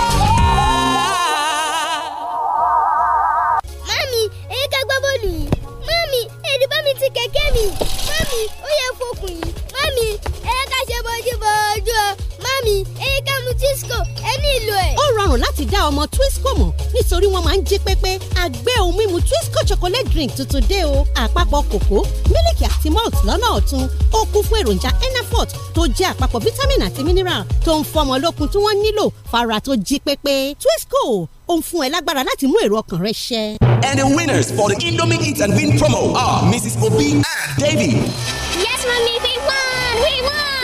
yẹ fokùn
yìí mọ́mí ẹ ká ṣe bójúbójú o mi èyíká mu Twisco
ẹ nílò ẹ̀. ó rọrùn láti dá ọmọ Twisco mọ̀ nítorí wọ́n máa ń jí pépé àgbẹ̀ ohun mímu Twisco chocolate drink tuntun dé o àpapọ̀ kòkó mílìkì àti malt lọ́nà ọ̀tun ó kún fún èròjà enafort tó jẹ́ àpapọ̀ vitamin àti mineral tó ń fọmọ lókun tí wọ́n nílò fara tó jí pépé Twisco ó ń fún ẹ lágbára láti mú èrò ọkàn rẹ ṣẹ. And the
winners for the Indomie
Eat and Win promo are Mrs. Obi and Davy. Yes, mommy, we won! We won!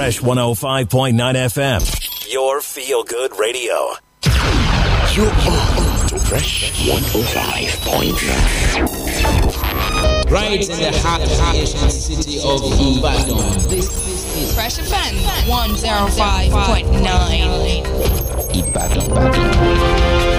Fresh 105.9 FM, your feel good radio.
You are to
Fresh
105.9. Right in the heart of the
city of Ibadan. This
is Fresh Offense 105.9.
Ibadan. Ibadan.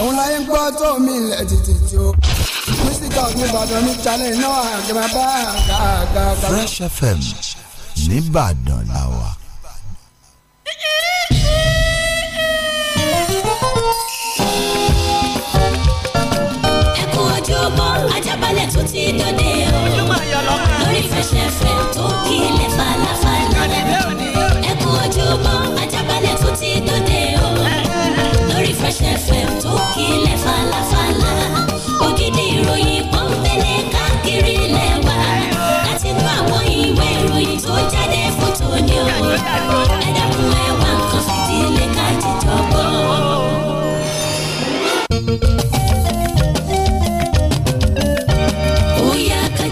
òun láyé ń gbọ́ tó mi ilẹ̀ títí tí ó. mísítà ọdún ìbàdàn ní channel náà àgbà bá àgbà àgbà. Fresh
FM nìbàdàn làwà.
ẹkún ojúbọ ajábalẹ̀ tó ti dòde o lórí Fresh FM tó Fresh FM tó kílẹ̀ falafala ògidì ìròyìn kan fẹlẹ̀ káàkiri lẹ́wà láti nú àwọn ìwé ìròyìn tó jáde fún tòní o ẹ dákun ẹ wá nǹkan fìdílé ká jíjọ gbọ́. ó yá ká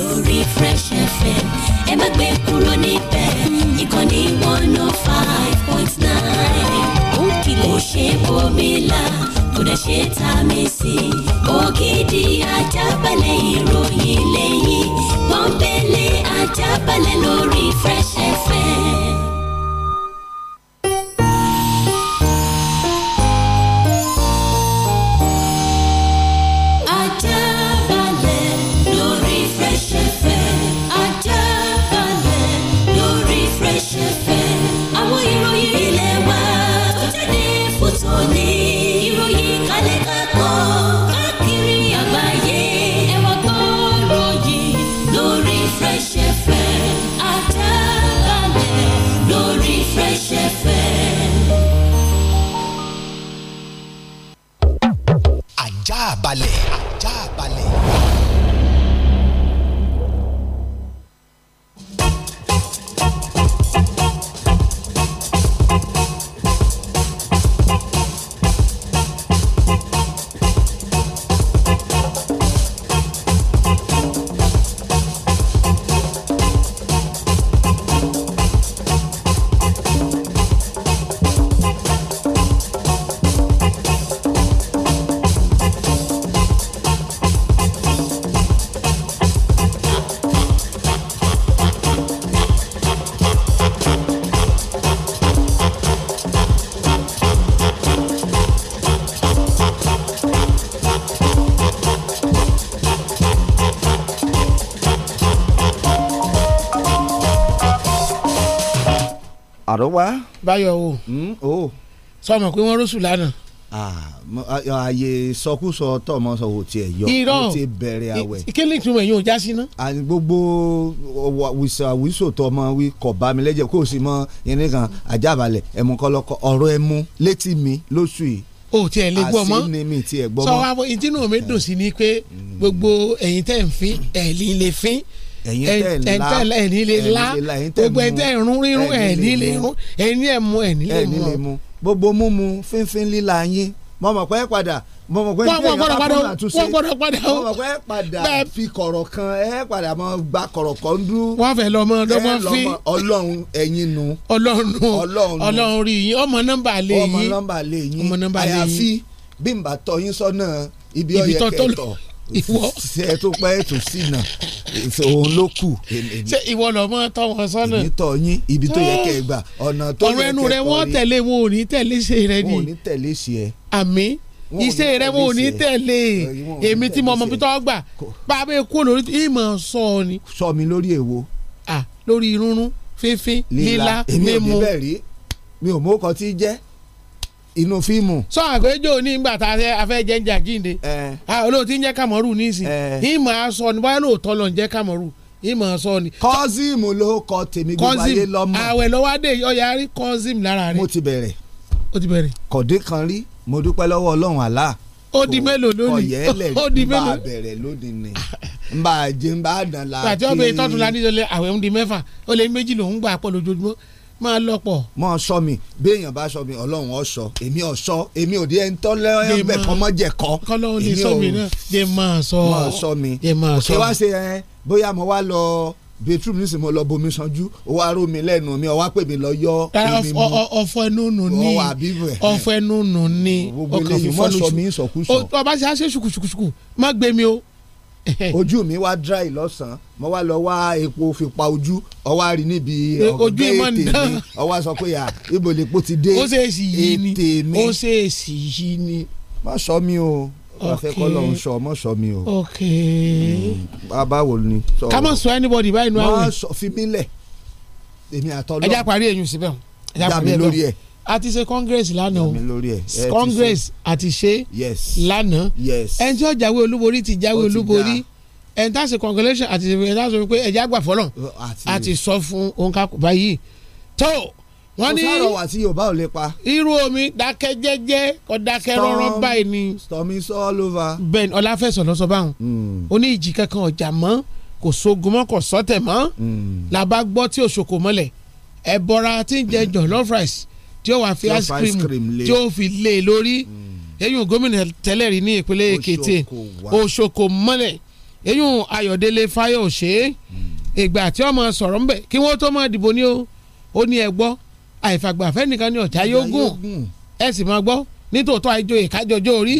lórí Fresh FM ẹ má gbé kúrò níbẹ̀ ìkànnì one oh five point nine ó kìlọ̀ ṣe bòmílà kódà ṣe tá a mi sí ògidì ajábalẹ̀ ìròyìn lẹ́yìn pọ́npẹ́lẹ́ ajábalẹ̀ lórí Fresh FM.
báyọ̀ o. Hmm, o. sọmọ pé wọ́n rọ́ṣù lánàá. ààyè sọkúsọ tọmọ sọ ò tiẹ̀ yọ ò tiẹ̀ bẹ̀rẹ̀ àwẹ̀. ìkéle ìtumọ̀ ẹ̀yìn ò já sí ná. àní gbogbo àwísò tọmọ wí kọ̀ bá mi lẹ́jẹ̀ kó o sì mọ irin kan àjàbalẹ̀ ẹ̀mú kọ́lọ́kọ́ ọ̀rọ̀ ẹ̀mú létí mi lóṣù yìí o tiẹ̀ lè gbọ́ mọ́ sọ
wa ìdí náà mi dùn sí ni pé hmm. gbogbo ẹ̀yin tẹ̀ ń fín ẹ̀ lè fín ẹ̀yin tẹ̀ ńlá ẹ̀yin lè la gbogbo ẹ̀yin tẹ̀ rún rírún ẹ̀yin lè rún
ẹ̀yin ẹ̀ mú ẹ̀yin lè mú gbogbo múmu fínfín líla yín mo mọ̀ pé padà mo mọ̀ pé ẹ̀yin ká fún àtúnṣe wọ́n gbọ́dọ̀ padà ó mo mọ̀ pé padà fi kọ̀rọ̀ kan ẹ̀ padà mọ gba kọ̀rọ̀ kan dúró wọ́n
fẹ́ lọ́mọ lọ́mọ fi
ọlọ́run ẹ̀yin nu ọlọ́run ọlọ́run rí yín ọmọ nọ́mbà lè yín ọmọ nọ́mbà lè yín àyàfi bí n bá tọ́ yín sọ́nà ibi ọ̀yẹ̀kẹ̀tọ̀ ìwọ. ṣe tó pẹ́ ètò sí náà òun ló kù. ṣé
ìwọ lọ mọ tọ wọn sọnà. èmi tọ
yín ibi tó yẹ kẹ́ gbà ọ̀nà tó yẹ kẹ́ kọ́ ni. ọ̀rọ̀ ẹnu rẹ wọ́n tẹ̀lé wọn ò
ní tẹ̀lé ṣe rẹ ni. wọn ò ní
tẹ̀lé ṣe ẹ.
àmì iṣẹ́ rẹ wọn ò ní tẹ̀lé èmi tí mo mọ bí tọ́ gbà bá a bẹ kú lórí ìmọ̀ sọ ni. sọ mi lórí èwo. ah lórí irúnrún fínfín lílá mímu. èmi ò ní bẹ́ẹ̀ rí mi ò mọ̀ ọkọ̀ tí jẹ́ inú fíìmù. sọ àgbẹjọ nígbà tá a fẹ́ jẹ́ jà jíǹde olóòtú ń jẹ́ níìsín ìmọ̀ aṣọ ni báyọ̀ lóòótọ́ lọ ń jẹ́ kàmọ́rù ìmọ̀ sọ ni.
kọ́sìmù ló kọ tèmi gbogbo ayé lọ́mọ. àwẹ̀ lọ́wọ́ adé ọ̀yà rí kọ́sìmù lára rẹ̀. mo ti bẹ̀rẹ̀. o ti bẹ̀rẹ̀. kọ̀dé kan rí mo dúpẹ́ lọ́wọ́ ọlọ́run àlá. ó di mélòó lónìí. ọ̀yẹ́lẹ̀ ń bá a bẹ̀rẹ̀ lónìí ni ń jẹ ń dàn la. pàtẹ́ ọ̀bẹ ìtọ́tún la níjọ lẹ àwẹ̀
ń di mẹ́fà ó lé méjì lòún gbà pọ̀ lójoojúmọ́
máa lọ́pọ̀. mọ sọ mi béèyàn bá sọ mi ọlọ́run ọ sọ èmi ọ sọ èmi ò di ẹni tọ́ lẹ́yìn bẹ́ẹ̀ kọ́ mọ́ jẹ̀ kọ́. kọ́lọ́run lè sọ mi náà dé máa sọ mọ sọ
mi kí wá
ṣe ẹ bóyá mo wá lọ betrun ní sinmi ọlọ bomi sanju o wa ro mi lẹ́nu mi ọwọ pè mí lọ yọ èmi mu
ọfọ ẹnu nù ní ọfọ
ẹnu nù ní ọkàn fífọ́ lóṣù ọba ṣe á ṣe ṣùkùṣùkùṣùkù má gbé mi o ojú mi wá dry lọ́sàn-án mo wá lọ wá epo fi pa ojú ọwá rí níbi eh, ọ̀gá ètè mi ọwá sọ pé à ibo lè ti dé ètè mi ó ṣe èsì yìí ni má sọ mi o ọ̀fẹ́ kọ́ lọ́n sọ mọ́ sọ mi o hmm, báwo ni. ká má sọ
anybody báyìí nù àwọn. má sọ
fi mí lẹ̀ èmi àtọ́ lọ. ẹ já parí èyún síbẹ̀. já mi lórí ẹ̀
a ti ṣe congress lánàá
o congress
a ti ṣe lánàá ẹni tí ó jáwé olúborí ti jáwé olúborí ẹni tá a ṣe congratulation àti ẹni tá a sọ pé ẹ̀jẹ̀ àgbà fọlọ́n a ti sọ fún òǹkà báyìí tó wọ́n ní irú omi dákẹ́ jẹ́jẹ́ kọ́ dákẹ́ rọ́rọ́ báyìí ni stormy is all over ben ọláfẹ̀sọ̀ lọ́sọ báwọn hmm. ó ní ìjì kankan ọjà mọ́ kò sógun mọ́ kò sọ́tẹ̀ mọ́ hmm. làbá gbọ́ tí òṣòkò mọ́lẹ̀ ẹ̀bọ̀ra tí ń jẹ jollof rice tí ó wàá fi ice cream tí ó fi lé e lórí hmm. eyín gómìnà tẹ́lẹ̀ rí ní ìpínlẹ̀ Èkìtì Òṣoko mọ́lẹ̀ eyín Ayọ̀délé Fáyọ̀ṣe hmm. ìgbà tí ọmọ sọ̀rọ̀ ńbẹ̀ kí wọ́n tó máa dìbò ní o ó ní ẹ gbọ́ àìfàgbàfẹ́ nìkan ní ọ̀tá yóò gùn ẹ sì máa gbọ́ nítòótọ́ àìjòyè kájọjọ́ orí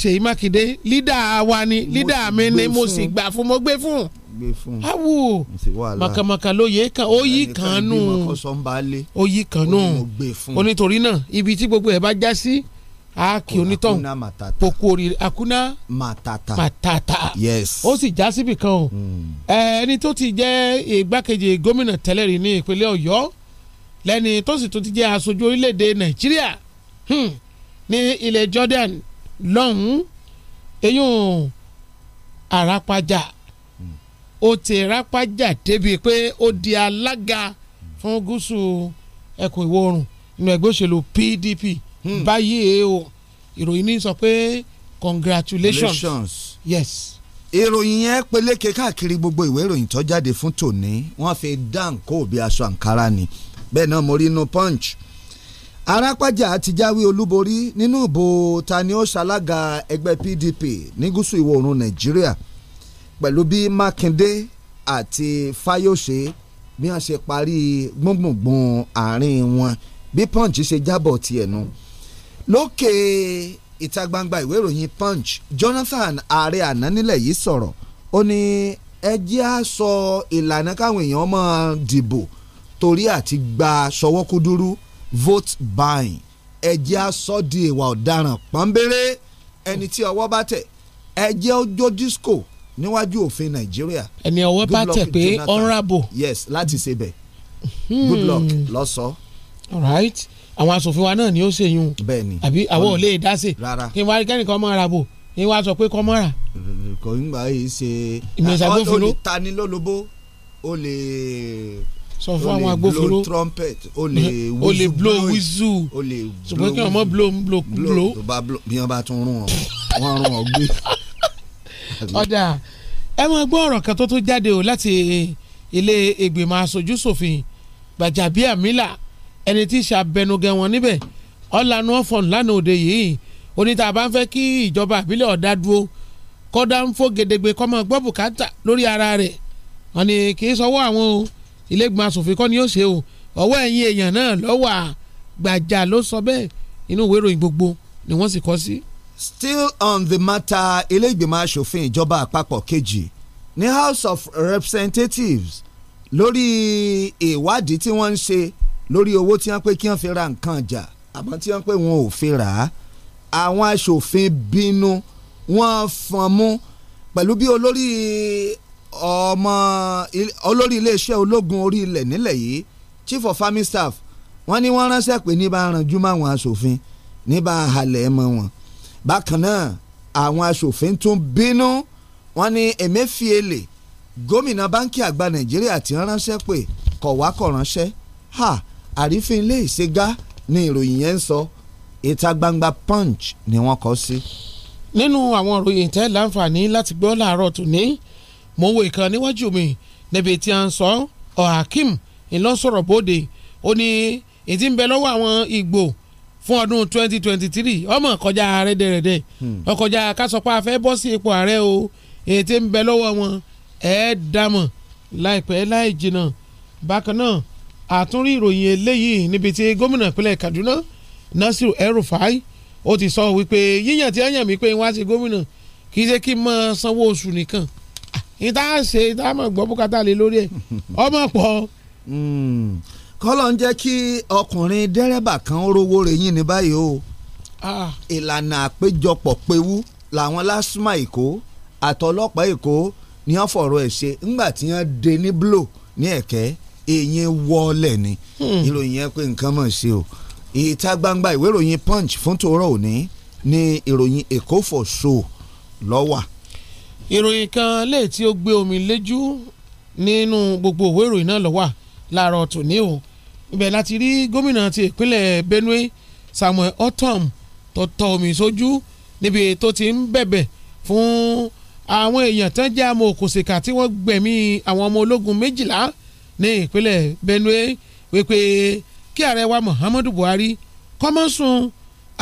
Ṣèyí Mákindé lídà wa ni lídà mi ni mo sì gbà fún mo gbé fún un
awo makamaka
ló yẹ kan ó yí kan nù
ó
yí kan e nù onítorí náà ibi tí gbogbo ẹ̀ bá já sí aki onítọ̀hún poku oríire akuna
matata matata yes ó
sì já síbi kan o hmm. ẹni tó ti jẹ́ igbákejì gómìnà tẹ́lẹ̀ rí ní ìpínlẹ̀ ọ̀yọ́ lẹ́ni tó sì tó ti jẹ́ aṣojú orílẹ̀-èdè nàìjíríà hmm, ní ilẹ̀ jordan lọ́hùn-ún eyín àràpàjà ó ti rápájà débi pé ó di alága fún gúúsù ẹkùn ìwọ̀ oòrùn nínú ẹgbẹ́ òṣèlú PDP hmm. báyìí e o ìròyìn ní sọ pé congratulations
yes. ìròyìn yẹn peléke káàkiri gbogbo ìwé ìròyìn tó jáde fún tòní wọ́n fi dáǹkó bí aṣọ àǹkárá ni bẹ́ẹ̀ náà mo rí inú punch arápájà ti jáwé olúborí nínú ìbò ta ni ó ṣalága PDP ní gúúsù ìwọ̀ oòrùn Nàìjíríà pẹ̀lú bí Mákindé àti Fáyọ̀ṣe bí wọ́n ṣe parí gbùngbùngbùn àárín wọn bí Punch ṣe jábọ̀ tiẹ̀ nu lókè ìta gbangba ìwé ìròyìn Punch Jonathan ààrẹ àná nílẹ̀ yìí sọ̀rọ̀ ó ní ẹ jẹ́ á sọ ìlànà káwọn èèyàn máa dìbò torí àti gba sọwọ́kúdúrú vote buying ẹ á sọ di ìwà ọ̀daràn pọ́nbéré ẹni tí ọwọ́ bá tẹ̀ ẹ ó jó disco níwájú òfin nàìjíríà. ẹni ọwọ́ bá tẹ̀ pé honourable. yes láti ṣe bẹ̀ hmm. good luck lọ́sọ̀. alright
àwọn asòfin wa náà ni ó ṣèyún. bẹ́ẹ̀ni àbí àwọn ò lè
dá sí. rárá kí n wá
kẹ́nìkan mọ́ ara bò ni wàá sọ pé kọ́ mọ́ra.
kò ń gbà yìí ṣe. ìmọ̀sá gbófinró ó lè
tani lólobó
ó lè. sọ fún àwọn agbófinró ó lè blow trumpet ó lè whistle ó lè blow whistle ó lè blow ṣùgbọ́n kí wọ́n mọ̀ blow blow blow. bí wọ́n bá tún rún ọ wọ́n rún
ọ gbé. ọ̀dà ẹ máa gbọ́ ọ̀rọ̀ kan tó tún jáde o láti ilé ìgbìmọ̀ aṣojú ṣòfin Gbajabiamila ẹni tí ṣàbẹnugẹ wọn níbẹ̀ ọ̀lànà ọ̀fọ̀n lánàá òde yìí oníta bá ń fẹ́ kí ìjọba àbílẹ̀ ọ̀dá dúró kọ́dá ń fò gedegbe kọ́mọ gbọ́ bùkátà lórí ara rẹ̀ wọn ni kì í sọwọ́ àwọn o ilé ìgbìmọ̀ aṣòfin kọ́ ni yóò ṣe o ọwọ́ ẹ̀yin èèyàn náà lọ́wọ́ Gbàjà ló sọ bẹ́ẹ̀ inú ìwé ìròyìn gbogbo ni wọ́n sì kọ
sí. Si still on the matter ilé ìgbìmọ̀ asòfin ìjọba àpapọ̀ kejì ní House of Representatives lórí ìwádìí tí wọ́n ń ṣe lórí owó tí wọ́n pé kí wọ́n fi ra nǹkan ọjà àmọ́ tí wọ́n pé wọn ò fi rà á àwọn asòfin bínú wọ́n fọ́n mú pẹ̀lú bí olórí ọmọ olórí iléeṣẹ́ ológun orí ilẹ̀ nílẹ̀ yìí Chief of Army Staff wọ́n ní wọ́n ránṣẹ́ pé ní bá ranjú máwọn asòfin ní halẹ̀ mọ́ wọn bákan náà àwọn aṣòfin tún bínú wọ́n ní Emefiele gómìnà báńkì àgbà Nàìjíríà ti ránṣẹ́ pé kọ̀wákọ̀ ránṣẹ́ ha àrífín ilé ìṣègá ni ìròyìn yẹn ń sọ ìta gbangba punch ni wọ́n kọ sí.
nínú àwọn ìròyìn tẹ́ láǹfààní láti gbọ́ láàárọ̀ tòní mo wo ìkan níwájú mi níbi tí a ń sọ ọ̀hákìm ńlọ́sọ̀rọ̀ bóde ó ní ìdí ń bẹ lọ́wọ́ àwọn Ìgbò fún ọdún twenty twenty three ọmọ kọjá ààrẹ dẹrẹdẹ ọkọjá hmm. kásọpá afẹ bọ́ sí ipò ààrẹ o ètè ń bẹ lọ́wọ́ wọn ẹ̀ dàmọ̀ láìpẹ́ láì jìnnà bákan náà àtúnrí ìròyìn eléyìí níbi tí gómìnà ìpínlẹ̀ Kaduna Nasiru El-Rufai ó ti sọ wípé yíyàn tí a yàn mí pé wọ́n á ṣe gómìnà kì í ṣe kí n mọ sanwó oṣù nìkan ìta ṣe ìta mọ̀ gbọ́ bùkátà lé lórí ẹ̀ ọmọ pọ̀.
Hmm kọ́lọ̀ ń jẹ́ kí ọkùnrin dẹ́rẹ́bà kan rówó rẹ̀ yín ní báyìí o ah. ìlànà àpéjọpọ̀ pewú làwọn lásùmá èkó àtọlọ́pàá èkó ni wọ́n fọ̀rọ̀ ẹ̀ ṣe ńgbà tí wọ́n dé ní blo ní ẹ̀kẹ́ èyí wọlé ni hmm. ìròyìn yẹn pé nǹkan mọ̀ sí o ìta gbangba ìwé ìròyìn punch fún tòórọ́ òní ni ìròyìn èkó for show lọ́wà.
ìròyìn kan lè tí ó gbé omi léjú nínú gbogbo ìwé ìròyìn náà lọ́wọ́ láàárọ̀ tòní o ibẹ̀ láti rí gómìnà ti ìpínlẹ̀ Benue Samuel Otom tó tọ omi sójú níbi tó ti ń bẹ̀bẹ̀ fún àwọn èèyàn tán jẹ́ àmọ́ òkòṣèkà tí wọ́n gbẹ̀mí àwọn ọmọ ológun méjìlá ní ìpínlẹ̀ Benue wípé kí ààrẹ wa Muhammadu Buhari kọ́mọ́sùn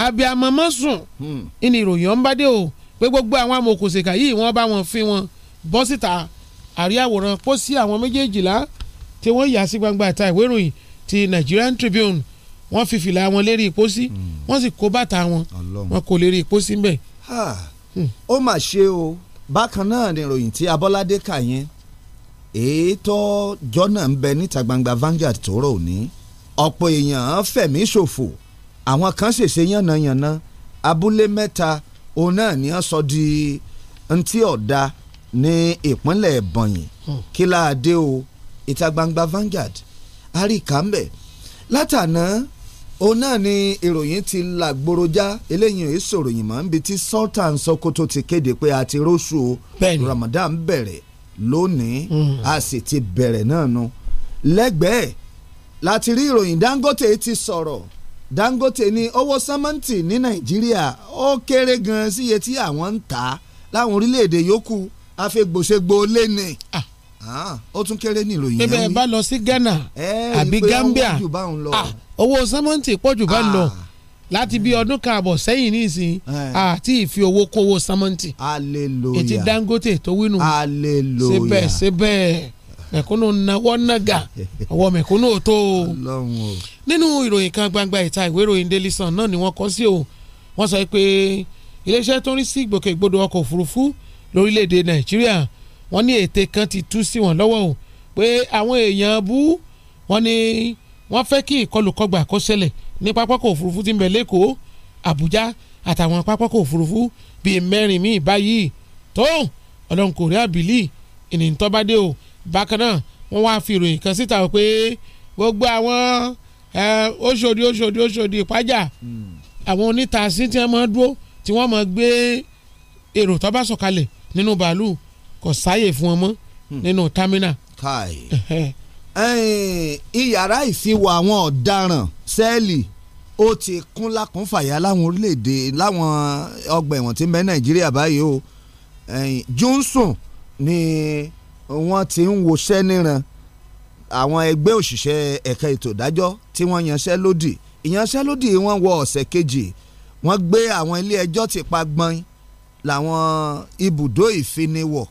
abiyamọ mọ́sùn hmm. ìní ìròyìn ọ̀n bá dé o pé gbogbo àwọn amòkòṣèkà yìí wọ́n bá wọn fi wọn bọ́ síta àríyáwòrán pósí àwọn méjèèjìlá tí wọ́n yà sí gbangba àta ìwé ìròyìn ti Nigerian Tribune wọ́n fi fìlà wọn lérí ìpósí hmm. wọ́n sì kó bàtà wọn wọn kò lérí ìpósí ńbẹ̀. Hmm.
ó mà ṣe o bákan náà ni ìròyìn tí Abọ́ládé kà yẹn èyí tó jọ́nà ń bẹ níta gbangba Vanguard tó rò ní ọ̀pọ̀ èèyàn fẹ̀mí ṣòfò àwọn kan ṣèṣe yànnàyànnà abúlé mẹ́ta òun náà ni wọ́n sọ di ntí ọ̀dà ní ìpínlẹ̀ Ebonyi hmm. kí o. Hmm ìta gbangba Vanguard àríkàmbẹ̀ látàná òun náà ni ìròyìn ti làgbòròjá eléyìí ò sòròyìn mọ́ níbi tí Sultan Sokoto ti kéde pé a ti róṣù Ramadan bẹ̀rẹ̀ lónìí mm. a sì ti bẹ̀rẹ̀ náà nu lẹ́gbẹ̀ẹ́ láti rí ìròyìn Dangote ti sọ̀rọ̀ Dangote ní owó sẹ́mẹ́ǹtì ní Nàìjíríà ó kéré gan-an síye tí àwọn ń ta láwọn orílẹ̀-èdè yòókù afẹ́gbòṣègbò lé Ah Ah, ó tún kéré ní ìròyìn yẹn. bẹ́ẹ̀ bá lọ sí Ghana àbí Gambia owó sẹ́mọ́ǹtì pọ̀
jù bá ń lọ ah, ah. láti bí ọdún kan àbọ̀ sẹ́yìn nísìn àti ìfi owó kówó sámọ́ǹtì ètí Dangote tó wínú síbẹ̀ síbẹ̀ mẹ̀kúnnù náwó nága ọwọ́ mẹ̀kúnnù tó nínú ìròyìn kan gbangba ìta ìwé ìròyìn Daily Sun náà ni wọ́n kọ sí o wọ́n sọ pé iléeṣẹ́ tó ń rí sí ìgbòkègbodò ọkọ̀ òfurufú lórílẹ̀‐èdè Nàìjíríà wọ́n ní ète kan ti tú sí wọn lọ́wọ́ o pé àwọn èèyàn bú wọ́n ní wọ́n fẹ́ kí ìkọlùkọgbà kó ṣẹlẹ̀ ní pápákọ̀ òfurufú tí ń bẹ lẹ́kọ̀ọ́ Àbújá àtàwọn pápákọ̀ òfurufú bíi mẹ́rin míì báyìí tó ọlọ́run kò rí àbílí ènìyàn tó bá dé o bákan náà wọ́n wá fi ìròyìn kan síta pé gbogbo àwọn oṣòdì oṣòdì oṣòdì ìpájà àwọn oníta sí tí wọ́n máa dúró tí wọ́n máa gbé èrò tó bá sọ̀kalẹ̀ nínú bàálù kò sáyè fún wọn mọ́ hmm. nínú támínà.
iyàrá ìfiwọ̀ àwọn ọ̀daràn sẹ́ẹ̀lì ó ti kún lákùnfàyà láwọn orílẹ̀-èdè láwọn ọgbà ẹ̀wọ̀n tí ń bẹ nàìjíríà báyìí o Johnson ni wọ́n ti ń woṣẹ́ níran àwọn ẹgbẹ́ òṣìṣẹ́ ẹ̀ka ètò ìdájọ́ tí wọ́n yanṣẹ́ lódì ìyanṣẹ́lódì wọn wọ ọ̀sẹ̀ kejì wọ́n gbé àwọn ilé ẹjọ́ ti pa gbọ́n làwọn ibùdó ìfiniwọ̀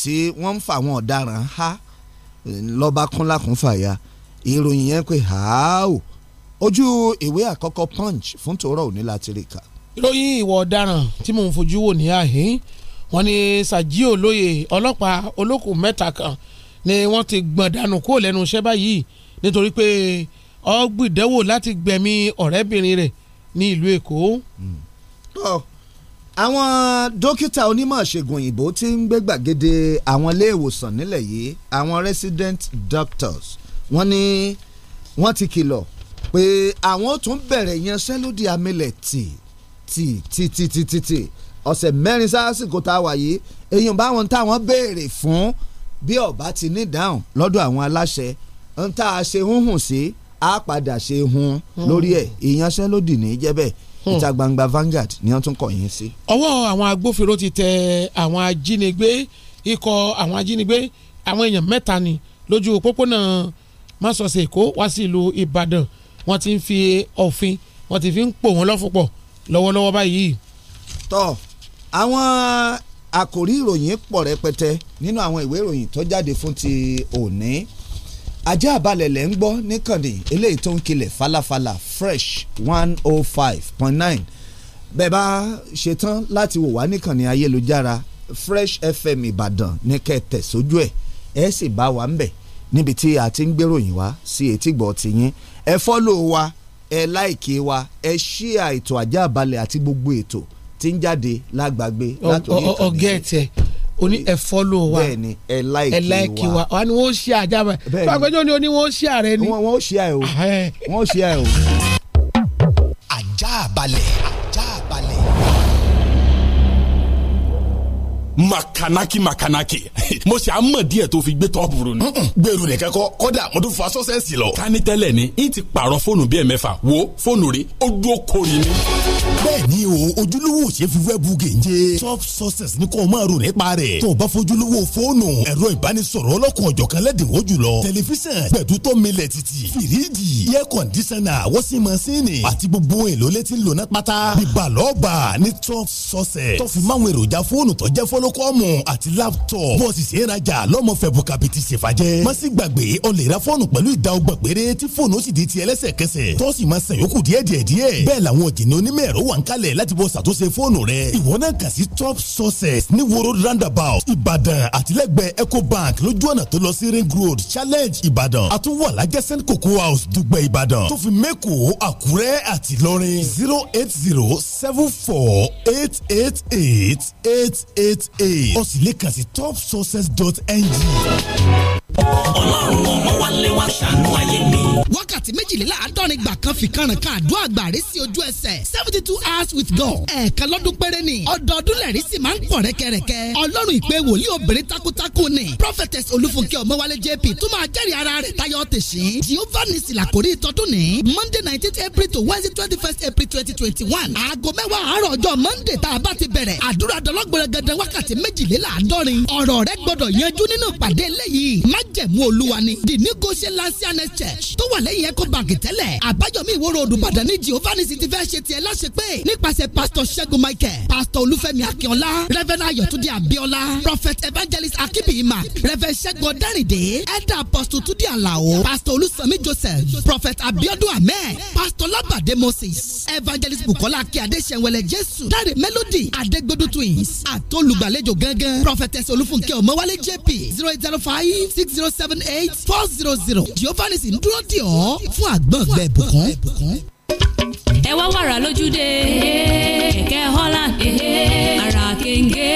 tí wọ́n ń fa àwọn ọ̀daràn ha lọ́ba kúnlákùn fàyà ìròyìn yẹn pé háàó ojú ìwé àkọ́kọ́ punch fún tòórọ́ òní láti rí ka.
ìròyìn ìwà ọ̀daràn tí mò ń fojú wò ní àhín wọ́n ní Sàjí Olóyè ọlọ́pàá olókùn mẹ́ta kan ni wọ́n ti gbọ̀n dànù kó lẹ́nu iṣẹ́ báyìí nítorí pé ó gbìdẹ́wò láti gbẹ̀mí
ọ̀rẹ́bìnrin rẹ̀ ní ìlú Èkó. Mm. Oh àwọn dókítà onímọ̀ ṣègùn òyìnbó ti ń gbé gbàgede àwọn ilé ìwòsàn nílẹ̀ yìí àwọn resident doctors wọ́n ní wọ́n ti kìlọ̀ pé àwọn ó tún bẹ̀rẹ̀ ìyanṣẹ́lódì amílẹ̀ tì tì tì tì tì tì tì ọ̀sẹ̀ mẹ́rin sásìkò tá a wà yìí èèyàn báwọn táwọn béèrè fún bí ọba ti ní ìdáhùn lọ́dọ̀ àwọn aláṣẹ ń tá a ṣe hùn hùn sí a padà ṣe hun lórí ẹ̀ ìyanṣẹ́lódì ní jẹ́ bẹ́ẹ̀ Hmm. ìta gbangba Vanguard ni wọ́n tún kọ̀ yín sí.
ọwọ́ àwọn agbófinró ti tẹ àwọn ajínigbé ikọ̀ àwọn ajínigbé àwọn èèyàn mẹ́ta ni lójú òpópónà mọ́sọ̀ọ́sẹ̀ èkó wá sí ìlú Ìbàdàn wọ́n ti ń fi òfin wọ́n ti fi ń pò wọ́n lọ́fọ̀pọ̀ lọ́wọ́lọ́wọ́ báyìí.
tọ́ àwọn àkòrí ìròyìn pọ̀ rẹpẹtẹ nínú àwọn ìwé ìròyìn tó jáde fún ti òní ajá balẹ̀ lẹ́ ń gbọ́ níkànnì eléyìí tó ń kilẹ̀ falafala fresh one oh five point nine bẹ́ẹ̀ bá ṣetán láti wò wá níkànnì ayélujára fresh fm ìbàdàn ní kẹ́ tẹ̀ sójú ẹ̀ ẹ̀ sì bá wa ń bẹ̀ níbi tí a ti ń gbéròyìn wá sí etígbọ̀ tìyín ẹ fọ́lò wa ẹ láìkí wa ẹ ṣí àìtò ajá balẹ̀ àti gbogbo ètò tí ń jáde lágbàgbé látòrí ìkànnì yìí ọgẹ́
tẹ o ní ẹ follow wa bẹ́ẹ̀ ni
ẹ like wa
wa ni wọ́n ṣe àjàmọ́
bẹ́ẹ̀ ni
fàgbẹ́jọ́ ni o ní wọ́n ṣe àrẹ ni. wọ́n ṣe àyẹ̀wò wọ́n ṣe àyẹ̀wò.
àjà balẹ̀. makanaki makanaki mo ṣe àmọ̀ díẹ̀ tó fi gbé tọ́pù rò ni. gbèrú nìkan kọ kọ́dà mo tún fọ aṣọ sẹ́ẹ̀sì lọ. ká ní tẹ́lẹ̀ ni n ti pààrọ̀ fóònù bíi ẹ̀mẹ́fà wo fóònù rí ó dúró kori ni. bẹ́ẹ̀ni o ojúlówó ṣe fi wẹ́ẹ̀bù gèje top success ní kò máa rò nípa rẹ̀ tó o bá fojúlówó fóònù ẹ̀rọ ìbánisọ̀rọ̀ ọlọ́kùn ọ̀jọ̀kan lẹ́dínwó jùlọ tẹlifíṣàn gbẹ̀dútọ́ milẹ̀ títì fìríjì air conditioner wọ́sí masínì àti gbogbo èlò létí lónà pátá bíbalọ́ọ̀bà ní top success tó fi máwọn èròjà
fóònù tó jẹ́ fọ́l kọ́lọ́kọ́mù àti laptop bọ́ọ̀sì
ṣe é rajà lọ́mọ fẹ́ bùkàbìtì ṣèfàjẹ́ má sì gbàgbé ọ lè ra fọ́ọ̀nù pẹ̀lú ìdá ọgbà péré tí fóònù ó sì di ti ẹlẹ́sẹ̀kẹsẹ̀ tó sì máa san yòókù díẹ̀díẹ̀
díẹ̀ bẹ́ẹ̀ làwọn òjìnà onímọ̀ ẹ̀rọ wà ń kalẹ̀ láti bọ́ ṣàtúnṣe fóònù rẹ ìwọ náà kà sí top sources ní woro roundabout ìbàdàn àtìlẹ́gbẹ̀ẹ́ ecobank lójú ọ̀nà tó lọ sí ring road challenge ìbàdàn àtúwọ̀ alájẹ́ st cocoa house dùgbẹ̀ ìbàdàn tó fi mẹ́kọ̀ àkúrẹ́ àti lọ́rin zero eight zero seven four eight eight eight eight eight aid o sì lè kàn sí topsources.ng
ọlọ́run ọmọ wa lé wa ṣàánú ayé mi. wákàtí méjìléláàádọ́rin gbà kan fi kànràn ká àdúrà gbàrí sí ojú ẹsẹ̀ seventy two hours with God ẹ̀ẹ̀kan lọ́dún péré ni ọdọọdún lẹ́rìí sì máa ń pọ̀ rẹ́kẹrẹ́kẹ́ ọlọ́run ìpè wòlíì obìnrin takuntakun ni prophetess olúfúnkẹ́ ọmọwálé jp tó máa jẹ́rìí ara rẹ̀ tayọ tẹ̀sí jehovah nisi làkórí ìtọ́dún ní monday nineteenth april to wednesday twenty first april twenty twenty one aago mẹ́wàá àárọ̀ monday tá a bá ti bẹ̀rẹ̀ àdúrà dọ́lọ́gbọ̀rẹ̀ gẹ̀dẹ̀ wákàtí méjìléláàádọ́rin ọ̀rọ̀ rẹ gbọ́dọ̀ yanjú nínú ìpàdé májẹ̀mú olúwa ni the negotiation lansianes church tó wà lẹ́yìn ẹ̀kọ́ bàǹkì tẹ́lẹ̀ àbáyọ̀mí ìwòrò òdùbàdàn ní jehovah ní ti fẹ́ ṣe tiẹ̀ láṣẹ pé nípasẹ̀ pastor ṣẹ́gun michael pastor olúfẹ́mi akínọlá reverend ayọ̀túndé Abiola. prophet evangelist akínbíyìmá reverend ṣẹ́gun ọ̀dẹ́rìndé elder apostle túndé àlàó pastor olùsànmí joseph prophet abiodun ahmed pastor labade moses evangelist bukola akíade ṣẹ̀wẹ̀lẹ̀ jésù dáre melody adegbodu twins àtolùgbàlejò gángan prophetess olúfúnkẹ́ ọmọwálé jp zero eight zero five six zero seven eight four zero zero giovannis ń dúró dè ọ́ fún àgbọ̀ngbẹ
bùkún.
ẹ
wá wàrà lójúde
kẹ̀kẹ́ holland ara kéńgé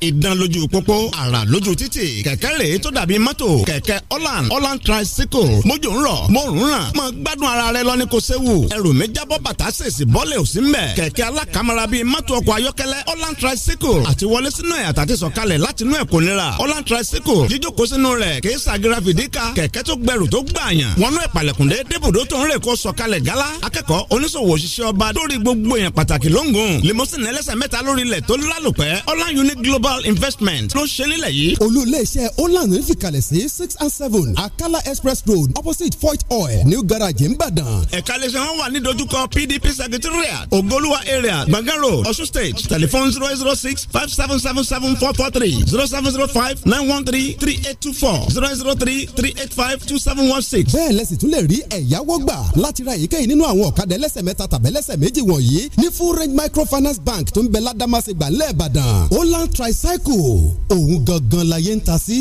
ìdán lójú pópó àrà lójú títì kẹ̀kẹ́ rèé tó dàbí mọ́tò kẹ̀kẹ́ holland holland tricycle mójò ń rọ̀ mo ń ràn mọ gbádùn ara rẹ lọ ní kò séwu ẹrù mi jábọ́ bàtà sèṣì bọ́lẹ̀ ò sí mbẹ̀ kẹ̀kẹ́ alákàmọ́ra bíi mọ́tò ọkọ̀ ayọ́kẹ́lẹ́ holland tricycle àti wọlé sínú ẹ̀ àtàtì sọ̀kalẹ̀ láti inú ẹ̀ kò nira holland tricycle jíjókòó sínú rẹ̀ kì í sàgéra fìdíkà kẹ̀kẹ́ tó gbẹrù tó gbààyàn wọnú ẹ̀ pàlẹ̀kùndé débùdó tó ń rè kó sọ̀kalẹ̀ gálá akẹ́kọ̀ọ́ oníṣòwò òṣìṣẹ́ ọba lórí gbogbo èèyàn global global investment ló ṣe nílẹ̀ yìí. olùléeṣẹ́ holland ń fìkàlẹ̀ sí six and seven akala express road opposite fort oil new garage nìbàdàn.
ẹ̀ka lè ṣe wọ́n wà ní dojúkọ pdp secretariat ogoluwa area gbọ̀ngàn road osun state telephone zero zero six
five seven seven seven four four three zero seven zero five nine one three three eight two four zero zero three three eight five two seven one six. bẹ́ẹ̀ lẹ sì tún lè rí ẹ̀yáwó gbà láti ra èyíkéyìí nínú àwọn ọ̀kadà ẹlẹ́sẹ̀ mẹ́ta tàbẹ́lẹ́sẹ̀ méjì wọ̀nyí ní full range microfinance bank tó ń bẹ ládàmásẹ̀gbà lẹ́ẹ̀bàdàn holland tri motorcycle òun gangan la yẹn ń ta sí.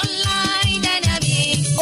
ọ̀la ìdáná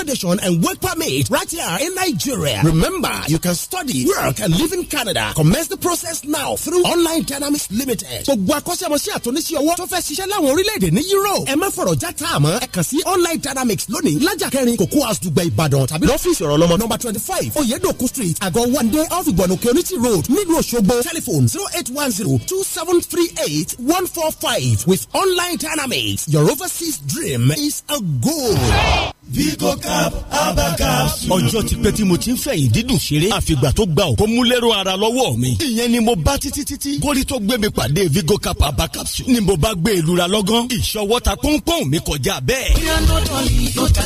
accommodation, and work permit right here in Nigeria. Remember, you can study, work, and live in Canada. Commence the process now through Online Dynamics Limited. Gbogbo akọ́ṣẹ́mọṣẹ́ àtúnṣe ọwọ́ tó fẹ́ ṣiṣẹ́ láwọn orílẹ̀-èdè ní Europe. Ẹ má fọ̀rọ̀ já tá a mọ́. Ẹ kàn sí Online Dynamics lónìí lájà kẹrin Cocoa House Dùgbẹ̀ Ìbàdàn tàbí lọ́fíìsì ọ̀rọ̀ lọ́mọ nọ́mbà twenty five Oyedoku street àgọ́ one day off Ìgbọ̀nù Community road nílùú Òṣogbo telephone zero eight one zero two seven three eight one four
five with Online Dynamics your overseas dream is a goal vigo cap herbal
capsule. ọjọ́ ti pẹ́ tí mo ti ń fẹ̀yìn dídùn ṣeré àfìgbà tó gbà ò kó mú lẹ́rọ ara lọ́wọ́ mi. ìyẹn ni mo bá títí títí górí tó gbé mi pàdé vigo cap herbal capsule ni mo bá gbé ìlura lọ́gán ìṣọwọ́ta pọ́npọ́n mi kọjá bẹ́ẹ̀.
bóyá lọ́dọ̀ yìí yóò ta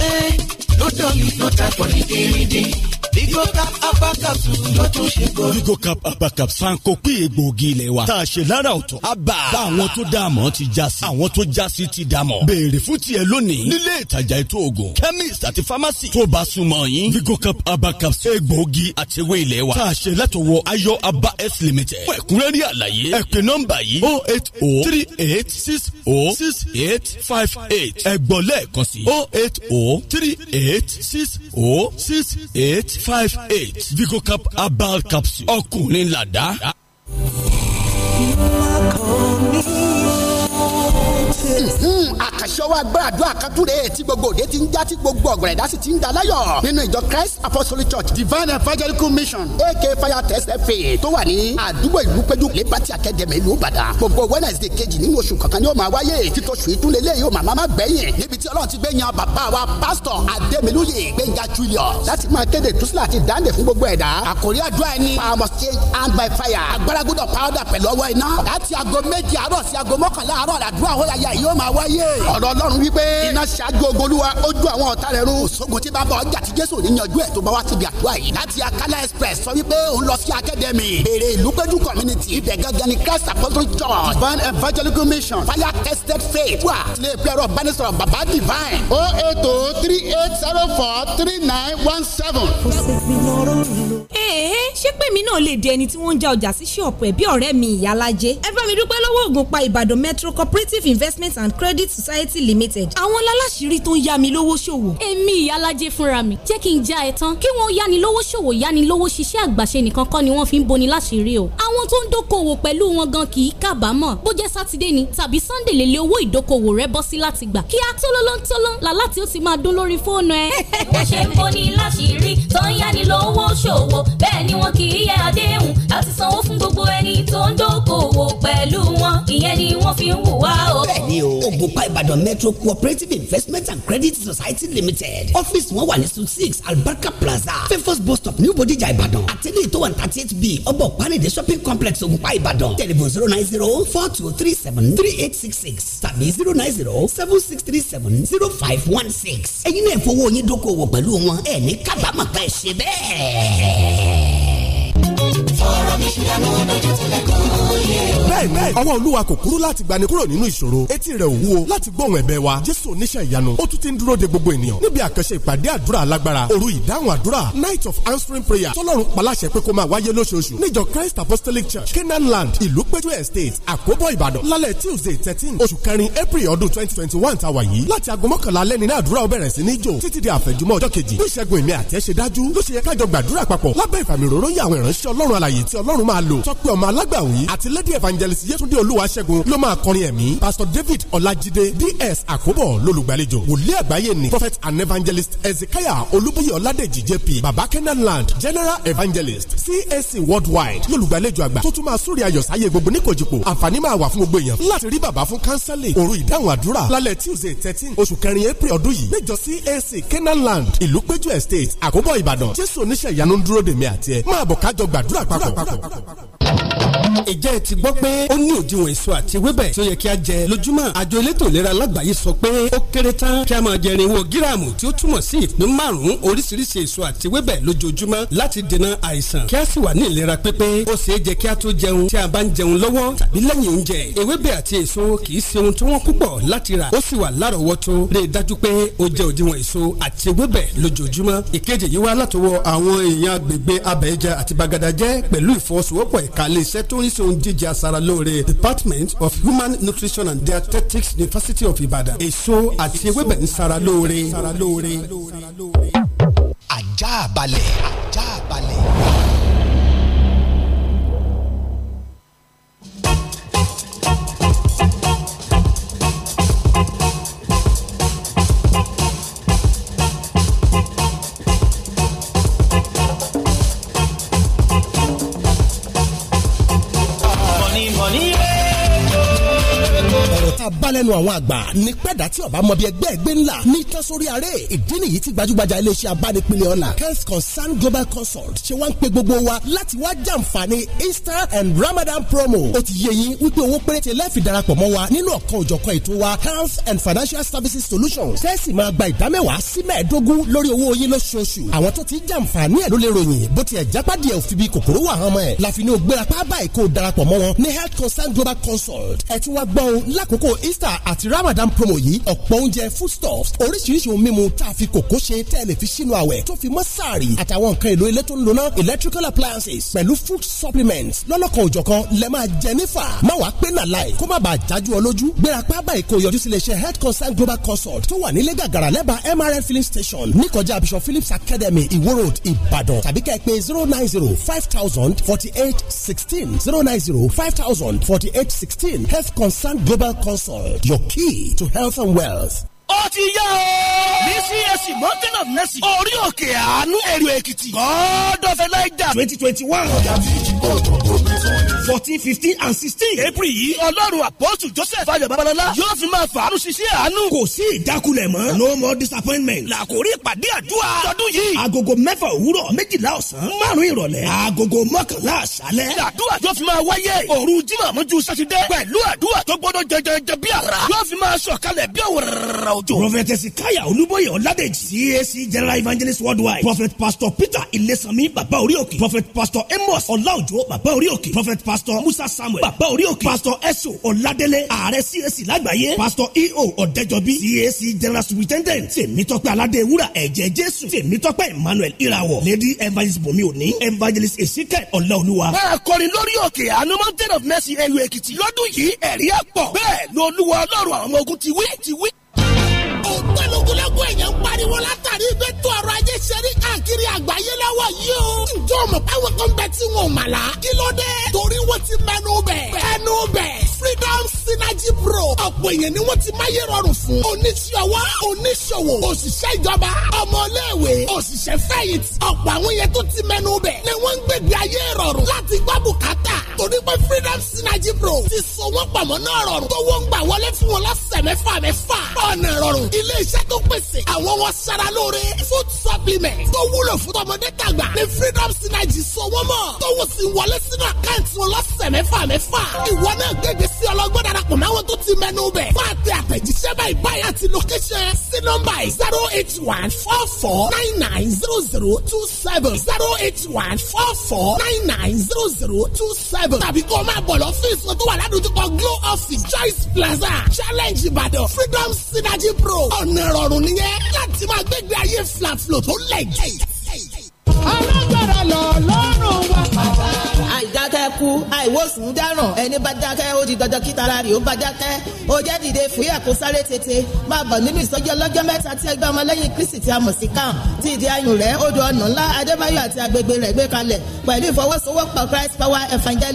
Hey, lọ́dọ̀ mi ló ta pọ̀ ní dídín. Bigo Cap Abba Capsule ló tún ṣe kó. Bigo Cap Abba Capsule sanko pín egbòogi ilẹ̀ wa. Tá a ṣe lára ọ̀tọ̀. A bá àwọn tó dá àmọ́ ti já sí. Àwọn tó já sí ti dá mọ̀. Béèrè fún tiẹ̀ lónìí. Nílé ìtajà ètò oògùn. Chemist àti pharmacy. Tó bá súnmọ́ yín. Bigo Cap Abba Capsule egbòogi àtiwé ilẹ̀ wa. Tá a ṣe látọwọ́ Ayọ̀ Aba S Limited. Fún ẹ̀kúnrẹ́rẹ́ àlàyé. Ẹ pe nọ́mbà yìí. O oh eight o oh three eight six o oh six eight five eight. Ẹ̀gbọ́n lẹ́ẹ̀kan sí. O eight o three eight six O oh six eight five eight vigo cap herbal capsule ọkùnrin làdá. you
are àkàṣe hmm, ọwọ́ agbára àdúrà kátúrè tí gbogbo òde ti ń já tí gbogbo ọ̀gbọ̀n ẹ̀dá sì ti ń da láyọ̀ nínú ìjọ Christ Apostolic Church Divine Evangelical Mission AK Fire Test FA tó wà ní àdúgbò ìlú péjú lébàtì akẹ́dẹ̀mẹ̀ ìlú Ìbàdàn gbogbo Wednesday kejì nínú oṣù kọ̀ọ̀kan ni ó máa wáyé títoṣù ìtúlélẹ̀ yóò máa má gbẹ̀yìn níbi tí Ọlọ́run ti gbẹ̀yàn bàbá wa pásítọ̀ Adémilúyè Gbẹ́ngà Julius láti máa kéde ìtúsílẹ̀ àti ìdáǹdè fún gbogbo ẹ̀dá àkórí àdúrà ẹni power must change hand by fire agbára gbọ́dọ̀ pàwọ́dà pẹ̀lú ọwọ́ iná láti aago méje àárọ̀ sí aago mọ́kànlá àárọ̀ àdúrà ó yà yà yóò máa wáyé. ọ̀rọ̀ ọlọ́run wípé iná ṣáájú ogolúwa ó ju àwọn ọ̀tá rẹ̀ run. òṣogun tí bàbá ọjà ti jésù níyanjú ẹ̀ tó bá wá síbi àdúrà yìí. láti akala express sọ wípé òun lọ sí akademi. èrè ìlú péjú community ibẹ̀ gángan ni christ apostolic church. van evangelical mission fire tested faith wà. ilé ìpè ẹ̀rọ ìbánisọ̀rọ̀ bàbá divine. o oh eight o oh
three eight zero four three nine one seven. kò gbìyànjú
ẹ̀ẹ́ ṣé pèmí náà lè di ẹni tí wọ́n ń ja ọjà sí ṣọ́ọ̀pù ẹ̀ bí ọ̀rẹ́ mi ìyálájẹ́ ẹ bá mi dúpẹ́ lọ́wọ́ Ògùnpa Ìbàdàn Metro Cooperative Investment and Credit Society Limited àwọn aláṣìírí tó ń yá mi lówó ṣòwò. èmi ìyálájẹ́ fúnra mi jẹ́ kí n já ẹ tán kí wọ́n yáni lówó ṣòwò yáni lówó ṣiṣẹ́ àgbàṣe nìkan kọ́ ni wọ́n fi ń boni láṣìírí o àwọn tó ń dókòwò pẹ̀lú wọn gan kì í kábàámọ̀ bó jẹ́ sátidé ni tàbí sunday lè lé owó ìdókòwò rẹ bọ́ sí láti gbà kí á tólólóńtóló làlá tí ó ti máa dún lórí fóònù ẹ. bó ṣe ń boni láṣìírí tó ń yáni lówó ṣòwò dókòwò bẹ́ẹ̀ ni wọn kì í yẹ àdéhùn láti sanwó fún gbogbo ẹni tó ń dókòwò pẹ̀lú wọn ìyẹn ni wọ́n fi ń hùwà o. bẹ́ẹ̀ni
o ògùnpá ìbàdàn metro cooperative investment and credit society limited ọ́fíìsì wọn wà ní su six albarka plaza fefos bus stop new bodija ìbàdàn àtẹlẹ ìtọ́wà thirty eight b ọbọ̀ panade shopping complex ògùnpá ìbàdàn telephone zero nine zero four two three seven three eight six six tàbí zero nine zero seven six three seven zero five one six ẹ̀yin náà fowó yín dókòwò pẹ̀lú wọn ẹ̀ ní kábàámọ̀ ẹ̀ ṣe
bẹ́ẹ̀. Forever bẹ́ẹ̀ni
ọwọ́ olúwa kò kúrú láti gbani kúrò nínú ìṣòro etí rẹ̀ ò wúwo láti gbóhùn ẹ̀bẹ̀ wa jésù oníṣẹ́ ìyanu ó tún ti ń dúró de gbogbo ènìyàn níbi àkànṣe ìpàdé àdúrà alágbára òru ìdáhùn àdúrà night of answering prayer tọ́lọ́run paláṣẹ pé kó máa wáyé lóṣooṣù níjọ christ apostolic church canaan land ìlú péjú estate àkóbọ̀ ìbàdàn lálẹ́ tuesday thirteen oṣù kẹrin april ọdún twenty twenty one ta wà yìí láti aago mọ́kànlá alẹ́ nínú àdúrà ó bẹ̀rẹ̀ sí ní jò títí di àfẹ̀jùmọ́ ọjọ́ kejì bí ìṣẹ́gun ìmí àti ẹ̀ ṣe dájú ló ṣe yẹ kájọ gbàdúrà papọ̀ lábẹ́ ìfàmì òróró yà àwọn ìránṣẹ́ ọlọ́run àlàyé tí ọl ọlọ́run máa lò tọ́pẹ́ ọmọ alágbàwí àti lady evangelist yétúndé olúwaṣẹ́gun ló máa kọrin ẹ̀mí pastor david ọlájídé ds àkóbọ̀ lólùgbàlejò wòlíì àgbáyé ni prophet and evangelist ezekiah olúbóyè ọládèjì jp baba kenaland general evangelist cac worldwide lólùgbàlejò àgbà tó tún máa súre ayọ̀ sáyé gbogbo ní kòjìpò àǹfààní máa wà fún gbogbo èèyàn láti rí bàbá fún kánsẹ́lì òru ìdáhùn àdúrà lálẹ́ tuesday thirteen oṣù kẹrin april ọdún yìí níjọ cac kenaland ìlúpéjú estate àkóbọ̀ ìbàdàn jésù oníṣẹ́ ìyanu ń dúró dèmi àti ẹ máa bọ̀ kájọ gbàdúrà papọ̀. থাকো ìjẹ́ ti gbọ́ pé ó ní òdiwọ̀n èso àti ewébẹ̀ tó yẹ kí a jẹ lójúmọ́ àjọ elétò ìlera lágbàáyé sọ pé ó kéré tán kí a máa jẹ irinwó gíráàmù tí ó túmọ̀ sí ìpín márùn-ún oríṣiríṣi èso àti ewébẹ̀ lójoojúmọ́ láti dènà àìsàn kí a sì wà ní ìlera pípé ó ṣeé jẹ kí a tó jẹun tí a bá ń jẹun lọ́wọ́ tàbí lẹ́yìn oúnjẹ ewébẹ̀ àti èso kì í ṣe ohun tí wọ́n púpọ̀ láti rà ó sì wà lárọ̀ọ́wọ́tó rí i dájú iléeṣẹ́ tó ń rí ohun jíjẹ aṣara lóore department of human nutrition and dietetics university of ibadan èso àti ewébẹ̀ ń ṣara lóore. ajá balẹ̀ ajá balẹ̀. a àwọn àgbà ní pẹ́ẹ́dá tí ọba mọ bí ẹgbẹ́ ẹgbẹ́ ńlá ní tán sórí ìdí nìyí tí gbajúgbajà iléeṣẹ́ abánipínlẹ̀ ọ̀la health concern global consult ṣe wá ń pe gbogbo wa láti wá jàǹfààní easter and ramadan promo ó ti yẹ yín wípé owó péréte lẹ́ẹ̀fì darapọ̀ mọ́ wa nínú ọ̀kan òjọ̀kan ètò wa health and financial services solutions tẹ́sí máa gba ìdámẹ́wàá sí mẹ́ẹ̀ẹ́dógún lórí owó yín lóṣooṣù àwọn tó ti jàǹfààní ẹ̀ ló lè ròyìn bó ti ẹ̀ jápàdé ẹ̀ òfin bíi kòkòrò wà hàn mọ́ ẹ̀ láfi ní o gbéra pábáyé kó darapọ̀ mọ́ wọn ní health concern global consult ẹ̀ tí wá gbọ́ lákòókò easter àti ramadan promo yìí ọ̀pọ̀ oúnjẹ foodstuffs oríṣiríṣi ohun mímu tá a fi kòkó ṣe tẹ́lẹ̀ fi sínú àwẹ̀ tó fi mọ́ sáàrì àtàwọn nǹkan èlò ilé tó ń lona electrical appliances pẹ̀lú food supplements lọ́lọ́kan òjọ̀kan lẹ máa jẹ nífà má wàá pé nà láì kó má bàa jájú ọ lójú gbéra pábà èkó yọjú sílé iṣẹ́ health concern global consult tó wà nílé gàgàrà lẹ́bàá mrn filling station níkọjá bishop phillips academy iwo road ìbàdàn tàbí kẹ́ ẹ pé zero nine zero five thousand forty eight sixteen zero nine zero five thousand forty eight sixteen health concern global consult consult your key to health and wealth.
ó ti yá o. ní csc e mountain of mercy. orí òkè àánú èrò èkìtì. God of Elijah twenty twenty one. ọjà bíi ìjìbọn òkòkò fourteen fifteen and sixteen april yìí ọlọ́run àpọ́sù joseph fàyọ̀ babalọ́lá yóò fi máa fàánù ṣiṣẹ́ àánú kò sí ìdákulẹ̀ mọ́ no more disappointment làkórí ìpàdé àdúrà tọdún yìí agogo mẹ́fà òwúrọ̀ méjìlá ọ̀sán márùn ìrọ̀lẹ́ agogo mọ́kànlá àṣálẹ́ làdúrà yóò fi máa wáyé òru jímọ̀ mọ́jú sátidé pẹ̀lú àdúrà tó gbọ́dọ̀ jẹjẹjẹ bí àrà yóò fi máa sọ̀kalẹ̀ bí òwúrọ̀ general evangelist worldwide prophet pastor peter ilesami baba orí òkè prophet pastor amos ọláòjò baba orí òkè prophet pastor pastor musa samuel bàbá orí òkè pastor eso ọ̀ladélé ààrẹ cac lágbàáyé pastor eo ọ̀dẹ́jọbí cac general superintendent tèmítọ́pẹ́ aládéwúrà ẹ̀jẹ̀ jésù tèmítọ́pẹ́ emmanuel irawọ̀ lady evangelist bomi òní evangelist esikai ọ̀làolúwa. máa kọrin lórí òkè àánú mountain of mercy ẹ̀yọ èkìtì lọ́dún
yìí ẹ̀rí ẹ̀ pọ̀ bẹ́ẹ̀ lọ́lúwa ọlọ́run àwọn ọmọ ogun ti wí ti wí pẹ̀lú ogunlẹ́gùn èèyàn pariwo látàrí bẹ́ẹ̀ tó ọrọ̀ ajé ṣẹ́rí káàkiri àgbáyé lọ́wọ́ yìí o. ǹjọ́ mọ̀ báwọn kan bẹ tí wọn ò mà la. kí ló dé? torí wọ́n ti mẹ́nu bẹ̀. mẹ́nu bẹ̀. freedom synergy pro. ọ̀pọ̀ èèyàn ni wọ́n ti máyé rọrùn fún. oníṣòwò oníṣòwò òṣìṣẹ́ ìjọba ọmọléèwé òṣìṣẹ́ fẹ̀yìntì. ọ̀pọ̀ àwọn yẹn tó ti mẹ́nu bẹ̀. ni wọ́n ń gbèdé ayé rọrùn láti gbọ́ bùkátà. torí pé freedom synergy pro ti so wọ́n pàmò náà rọrùn. tó wọ́n gbà wọlé iléeṣẹ́ tó pèsè àwọn wọn sara lóore food supplement tó wúlò fún tọmọdé tàgbà ní freedom synergy sọwọ́ mọ̀ tó wò sí wọlé sínú àkáǹtì wọn lọ́sẹ̀ mẹ́fà mẹ́fà ìwọ náà gègé sí ọlọ́gbọ́n darapọ̀ mọ́ àwọn tó ti mẹ́nu bẹ̀ fún àti àtẹ̀jíṣẹ́ báyìí báyìí àti location sí nọ́mbà zero eight one four four nine nine zero zero two seven zero eight one four four nine nine zero zero two seven tàbí kó o máa bọ̀ lọ́fíìsì tó wà ládùúgbò glow office choice plaza challenge ìbàdàn freedom synergy pro ọ̀n ọ̀nà ìrọ̀rùn nìyẹn láti máa gbégbé ayé flat flow tó lẹ̀ jẹ́. alágbára lọ
lọ́rùn wa. àìdákẹ́ kú àìwòsàn dáràn ẹni bá dákẹ́ ó di dandan kí tara rè ó bá dákẹ́ ó jẹ́ dìde fúyà kó sáré tètè máa bọ̀ nínú ìsọjí ọlọ́jọ́ mẹ́ta tí ẹgbẹ́ ọmọlẹ́yìn kristi tí a kan tí ìdí ayùn rẹ̀ odò ọ̀nà ńlá adébáyọ̀ àti agbègbè rẹ̀ gbé kalẹ̀ pẹ̀lú ìfọwọ́sowọ́pọ̀ christ power evangel